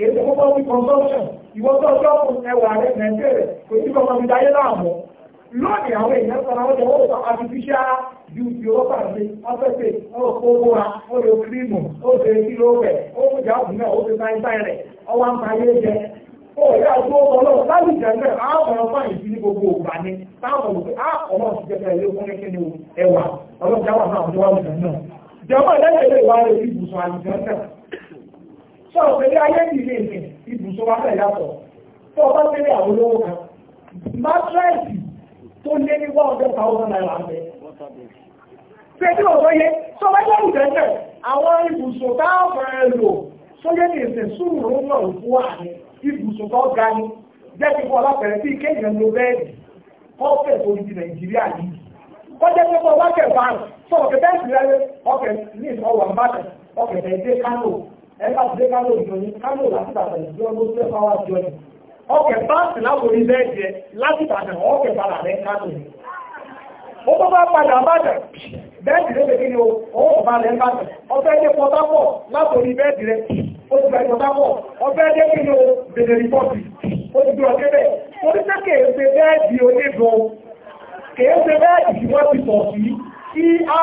kèé tó kọ́kọ́ wí consumption ìwọ́n tó ọjọ́ ẹwà rẹ̀ nàìjíríà kò sí kọ́kọ́ fi dáyé láàmú lónìí àwọn èèyàn sọ̀rọ̀ ọjọ́ ó sọ artificial beauty ó bà mí ọ́fẹ́sẹ̀ ó kó wá ó lo kírímù ó ṣe kí ló rẹ̀ ó mú ìjà òkú náà ó ṣe sáyẹ́sáì rẹ̀ ọwọ́ ń parí ẹ̀jẹ̀ ó rí àgbo ọlọ́run láti jẹ́ náà àwọn ọmọ ìfi ní gbogbo ògbà ni táwọn olùkọ́ àwọn ọmọ ìjẹta ilé fún kí ni ẹwà ọlọ́run jáwà náà ọjọ́ wà lùdà náà jọmọ́ lẹ́yìn ilé ìwà rẹ̀ ibùsùn àlùjọ náà ṣé ayé ti lè rìn ibùsùn fẹ̀ yàtọ̀ tó o tẹ́lẹ̀ àwọn olówó kan mátrẹ́ẹ̀sì tó lé ní one hundred thousand naira ń bẹ. ṣé tí o lóye tó o ìdẹ́gbẹ̀ àwọn ibùsùn tá lò sóyè ní ìsìn sùúrù ń lọ fún wa ní ibùsùn tó ga ni jẹ́ kí wọ́n lápẹ̀rẹ̀ sí kéèyàn lo bẹ́ẹ̀dì kọ́ọ̀fẹ̀ tó di Nàìjíríà yìí kọjá pé kọ́ wákẹ̀ bá sọ̀rọ̀ kẹ̀kẹ́ ìsìlẹ̀ ọkẹ̀ ní ìsọ̀wọ̀ àbátẹ̀ ọkẹ̀ ẹgbà tí ká ló jọ ní ká ló láti bàtà ìjọ ló fẹ́ fáwà jọ ní ọkẹ̀ báàsì láwòrí bẹ́ẹ̀ jẹ láti bàtà ọkẹ̀ padà rẹ̀ ká ló ní ó tó bá padà bàtà bẹ́ẹ̀dì ló fẹ́ ní o ọwọ́ ọba rẹ̀ bàtà ọfẹ́ dé pọtápọ̀ látòrí bẹ́ẹ̀dì rẹ̀ ó ti bẹ̀rẹ̀ pọtápọ̀ ọfẹ́ dé kí ni o bèrè rìpọ́tì ó ti gbọ́ débẹ̀ torí pé kèé ṣe bẹ́ẹ̀dì onígun kèé ṣe bẹ́ẹ̀dì wọ́n ti pọ̀ sí kí á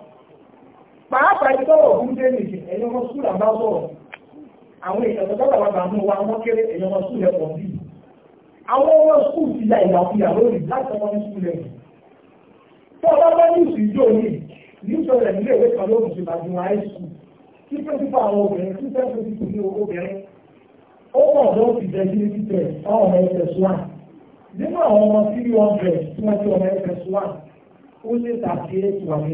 pàápàá ìtọ́wọ̀ fún dé nìyí ẹ̀yọ́ wọn sùúrù àbá sọ̀rọ̀ àwọn ìṣẹ̀lẹ̀ tọ́lá wa bàánú wa wọ́n kéré ẹ̀yọ́ wọn sùúrù ẹ̀pọ̀ bí àwọn ọmọ sùúrù ti ya ìyàkuyà lórí láti ọmọ ní sùúrù ẹ̀ tó ọba bá ní ìsù ìjọ ní nítorí rẹ̀ nílé ìwé kan lórí ìṣẹ̀lẹ̀ àti wọn àìsù tí pẹ́sípà àwọn obìnrin tí pẹ́sípà ní obìnrin ó pọ̀ ló ti jẹ́ sí títẹ̀ ọmọ ẹ̀sẹ̀s nínú àwọn ọmọ tí wọ́n bẹ̀rẹ̀ tí wọ́n ti ọmọ ẹ̀sẹ̀s ó lé tàbí ètò àmì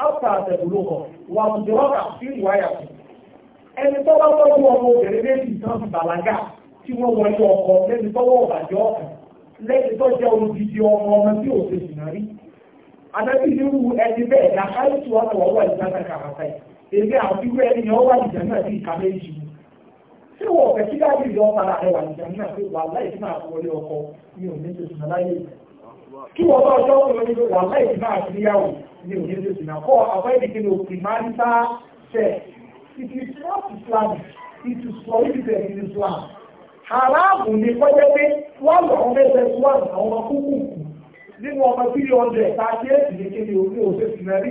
after the buloko wà lùdọ́rọ́kà sí ìwáyà ẹni tó bá tọ́jú ọmọ obìnrin méjì tán ti bàlágà tí wọ́n ọkọ lẹ́ni tọ́wọ́ ọ̀bàjọ́ lẹ́ni tó jẹ́ olùdíje ọmọ ọmọ tí ò ṣe jìnnà rí àtẹ́bí irú ẹni bẹ́ẹ̀ ní àkáyùtù ọ̀tọ̀ ọwọ́ ìjọba kàkàtà èmi àbúrò ẹni yẹn wà ìjà náà sí ìka méjì tí wọ́n ìjọba náà pé wà láì kí wọ́n bá ọjọ́ òun lórí wà láìsí náà síyàwó ní òní tó sì náà kọ́ àwọn ìdíkì ní òfin máa ń bá fẹ́ it is not Islamic it is prohibited in Islam haramu ni kọjá pé wọ́n lọ ọmọ ẹgbẹ́ tí wọ́n àwọn ọmọ kúkú nínú ọmọ bílíọ̀nù ẹ̀ tá a jẹ́ ìdíkì ní òfin òṣèṣin náà rí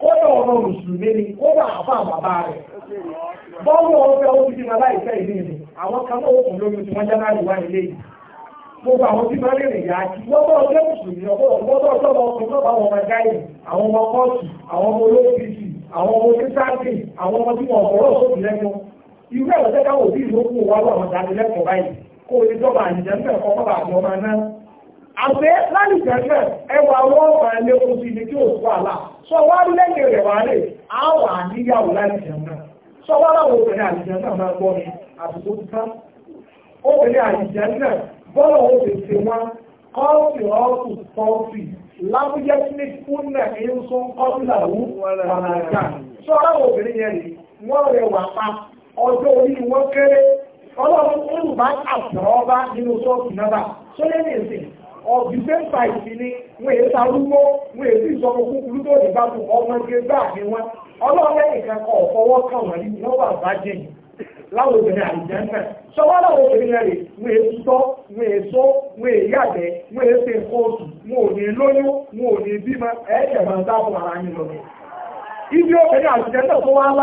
kódà ọrụ mùsùlùmí ni kódà àbá a rẹ̀ bọ́ọ̀lù ó bàbá ìlú ìlú àwọn kan náà ó kùn lórí tí wọ́n já láti wá ilé yìí gbogbo àwọn tí bá lè yá kí lọ́gbọ́ ọjọ́ mùsùlùmí ọgbọ́dọ̀ ọjọ́ ọmọ kọ́ọ̀tù àwọn ọmọ olóòfìsì àwọn ọmọ àwọn ọmọ tí wọn lẹ́nu irú ẹ̀rọ àgbẹ̀ lálìjẹ́gbẹ̀ ẹwà àwọn ọ̀pàá ilé oṣù ibi tí ó wà láà sọ wá lẹ́yìn rẹ̀ wà lè sọ wá láwọn obìnrin máa gbọ́ ni àbùkù tán obìnrin bọ́lọ̀ ó ti ṣe kọ́ọ̀tì kọ́ọ̀tì lábújẹ́ ní wọ́n pa ọjọ́ orí wọn kéré ọlọ́run olùbá àtọ̀rọ̀ ọba nínú sọ́ọ̀tù náà ọ̀dùnṣẹ́ ṣàìsì ni wọ́n èyí ta rúgbó wọ́n èyí sọ tó ọmọ ẹgbẹ́ gbà ní wọn ọlọ́run nìkan kọ̀ ọ̀fọwọ́ kàn wọ́n rí wọ́n wà bá jẹ́ yìí láwọn obìnrin àìjẹ́ náà rẹ̀ wọ́n èyí sọ wọ́n èyí sọ wọ́n èyí wọ́n èyí ṣe wọ́n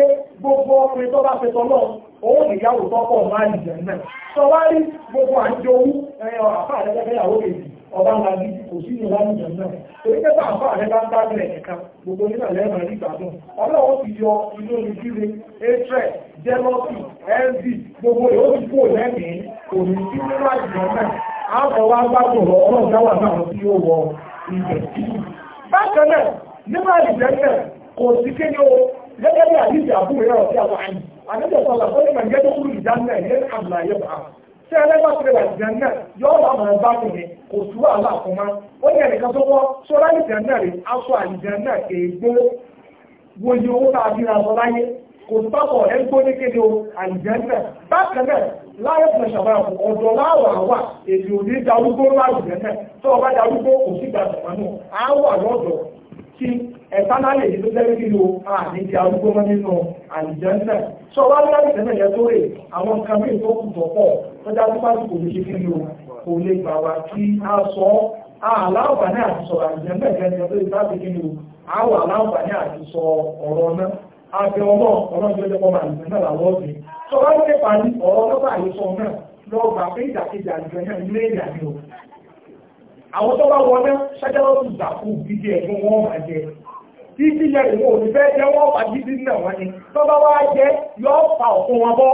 ò gbogbo ọkùnrin tó bá owó ìyàwó tọ́pọ̀ máa ń jẹ náà sọ wá rí gbogbo àjọwú ẹyọ àfà àdẹ́gbẹ́ ìyàwó èdè ọba ńlá bí kò sí ìlú láti jẹ náà torí bá àfà gbogbo ọlọ́wọ́ ti yọ inú omi kíre atre gbogbo ìyó ti kú lẹ́mìí kò ní sí náà gẹ́gẹ́ bí àdìsí àbúrò yọrọ sí àwọn àyè àdìsí ọ̀sán ọ̀la fún ìmọ̀ ìgbẹ́jọ́ kúrú ìdáná ẹ̀yẹ àbúrò ayé bàá tí ẹlẹ́gbà tó lè wà ìdáná yọ̀ọ́ wà máa bá kò ní kò tú àlọ́ àkọ́má ó ní ẹnìkan tó wọ́ sọ́lá ìdáná rẹ̀ aṣọ àìdáná ègbó wòye owó tá a bí ra sọ láyé kò tó bákọ̀ ẹ̀ ń gbóni kéde o àìdáná bákan láyé fún ṣàbára fún ọ̀dọ̀ láwọ̀ èdè òní darúgbó láwùjẹ́ náà tó o darúgbó kò sí gbàgbọ́ mọ́nú àwọ̀ lọ́dọ̀ tí ẹ̀sánálè ah, ní tó jẹ́ kí lo àní ti arúgbó mọ́ nínú àlìjẹ́ńtẹ̀ sọ wá láti tẹ́lẹ̀ yẹn tó rè àwọn nǹkan mí tó kù tó pọ̀ tó já tó bá ti kò ní ṣe kí lo kò lè gbà wá kí a sọ aláǹfààní àti sọ àlìjẹ́ńtẹ̀ gẹ́gẹ́ tó bá ti kí lo àwọ̀ aláǹfààní àti sọ ọ̀rọ̀ náà àti ọmọ ọlọ́run tó jẹ́ pọ̀ àlìjẹ́ńtẹ̀ làwọ́ ọ̀sìn sọ wá ní pẹ̀lú ọ̀rọ̀ lọ́gbà àlùsọ náà lọ́gbà pé ìdàkejì àlìjẹ́ńtẹ̀ ilé ìdàkejì àwọn tó bá wọlé ṣájáwọ́ tó dàkú gidi ẹ̀gbọ́n wọn àjẹ́ títí yẹ ìwọ̀n òní fẹ́ jẹ́ wọ́n wà jíjí náà wọ́n ni tó bá wá jẹ́ yọ́ pa òkun wọn bọ́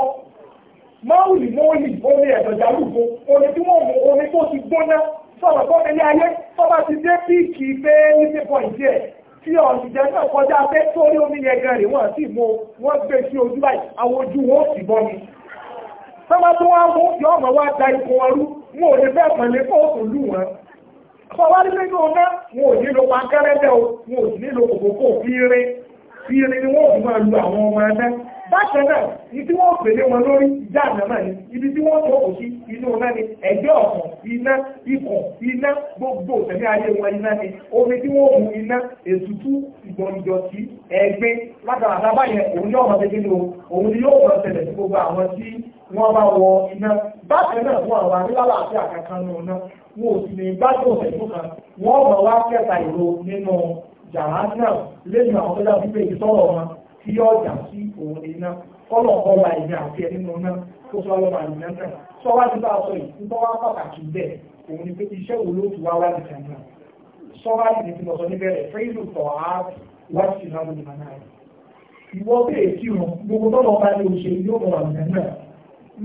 máwùlì mọ́wùlì omi ẹ̀dọ̀jà lùgbò omi tí wọ́n mú omi tó ti gbóná sọ̀rọ̀ tó ẹlẹ́ ayé tó bá ti dé píìkì pé níbi pọ̀ǹtì ẹ̀ tí ọ̀sìnjẹ́ náà kọjá pé torí omi yẹn gan rè wọ́n sì mú wọ́n gbé sí ojú báyìí àwọn ojú wọn ò sì bọ́ ni tọ́ba tó wá mú yọ ọmọ wa da ikùn ọrú wọn ò lè bẹ́ẹ̀ pẹ̀lẹ́ fóòtù lù wọn sọ wá ọ̀nà wọn ò nílò pankẹ́rẹ́dẹ́ o wọn ò nílò kòkòkò fíire fíire ni wọ́n ò máa lu àwọn ọmọ ẹgbẹ́ bákan náà ibi tí wọ́n pèlé wọn lórí ìjà àmàmà ni ibi tí wọ́n tọ́kù sí inú ọ̀nà ni ẹ̀jẹ̀ ọ̀kan iná ikọ̀ iná gbogbo tẹ̀lé ayé wọn iná ni omi tí wọ́n mú iná ètùtù ìgbọ̀nìjọ̀tì ẹ̀gbin látara àdábáyẹn òun yóò máa tẹ́jú òun ni yóò máa wọ́n bá wọ iná bákan náà fún àwọn arílálà àti àkàkan nù náà wọn ò sì ní gbádùn ìlú kan wọ́n mọ̀ wá kẹta ìró nínú jàhánà lẹ́yìn àwọn tó dábí pé ìtọ́rọ̀ wọn tí yóò jà sí òun iná kọ́lọ̀ ọ̀la ìdí àti ẹ̀ nínú náà tó sọ lọ́wọ́ àmì náà náà sọ wá ti bá a sọ yìí ń tọ́wá pàtàkì bẹ́ẹ̀ òun ni pé iṣẹ́ wo ló ti wá wá ní jàǹdà sọ wá ní ti lọ́sọ níbẹ̀rẹ̀ fẹ́ẹ́lù tọ̀ á wá sí ìlànà ìmọ̀ náà ìwọ bẹ́ẹ̀ kírun gbogbo tọ́lọ̀ bá ní oṣù yóò mọ̀ àmì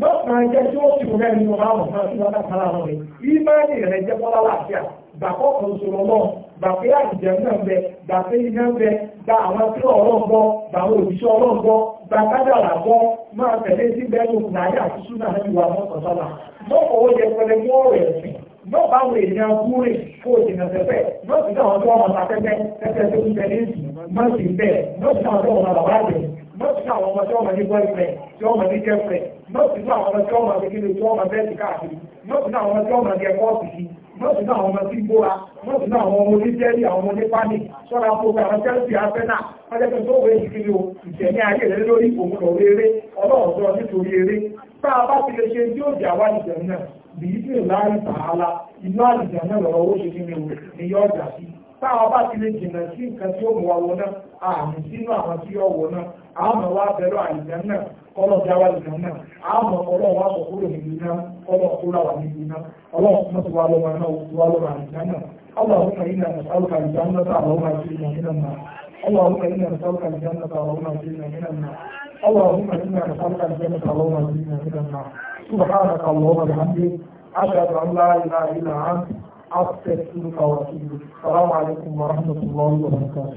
mọ́kàn jẹ́ tí ó ti rẹ̀ ní ọba àwọn ọ̀sán tí wọ́n bá kára wọn rẹ̀ ìmáàlì rẹ̀ jẹ́ bọ́lá láàfíà gbàkọ́ kan sọ̀rọ̀ náà gbàpé àjẹ́ náà bẹ gbàpé iná bẹ gba àwọn tí ọ̀rọ̀ ń bọ́ gba àwọn òṣìṣẹ́ ọ̀rọ̀ ń bọ́ gba kádàrà bọ́ máa tẹ̀lé sí bẹ́ẹ̀lú nàáyà àti súnà lẹ́nu wa mọ́kàn sọ́la mọ́kàn ó yẹ pẹlẹ mú ọ̀rọ̀ ẹ̀sìn náà bá àwọn èèyàn gúrè kó o jìnà tẹ́fẹ́ náà sì náà ọjọ́ ọmọ ọmọ ọmọ ọmọ ọmọ ní nọ́ọ̀sì náà àwọn ọmọ tí wọ́n àwọn ọmọ pánì sọ́ra fún àwọn chelsea arsenal pàjẹ́pẹ́ tó wé ìkiri o ìṣẹ̀ní ayé rẹ̀ lórí òmùlọ̀ rere ọlọ́ọ̀dọ́ nítorí eré tá bá ti lè ṣe tí ó jà wá ìjẹun náà bìí sì táwọn bá ti lè jìnà sí nǹkan tí ó mú wa wọná àmì sínú àwọn tí ó wọná àmọ̀ wá bẹ̀rọ àìjẹ́ náà kọ́lọ̀ jáwá ìjọ náà àmọ̀ ọlọ́ wa sọ kúrò níbi náà kọ́lọ̀ kúrò wà níbi náà ọlọ́run mọ́ ti wá lọ́wọ́ náà wá lọ́wọ́ àìjẹ́ náà اللهم إنا نسألك الجنة اللهم أجرنا من النار اللهم إنا نسألك الجنة اللهم أجرنا من النار اللهم إنا نسألك الجنة اللهم أجرنا من النار سبحانك اللهم وبحمدك أشهد أن لا إله إلا أنت أستغفرك وأتوب السلام عليكم ورحمة الله وبركاته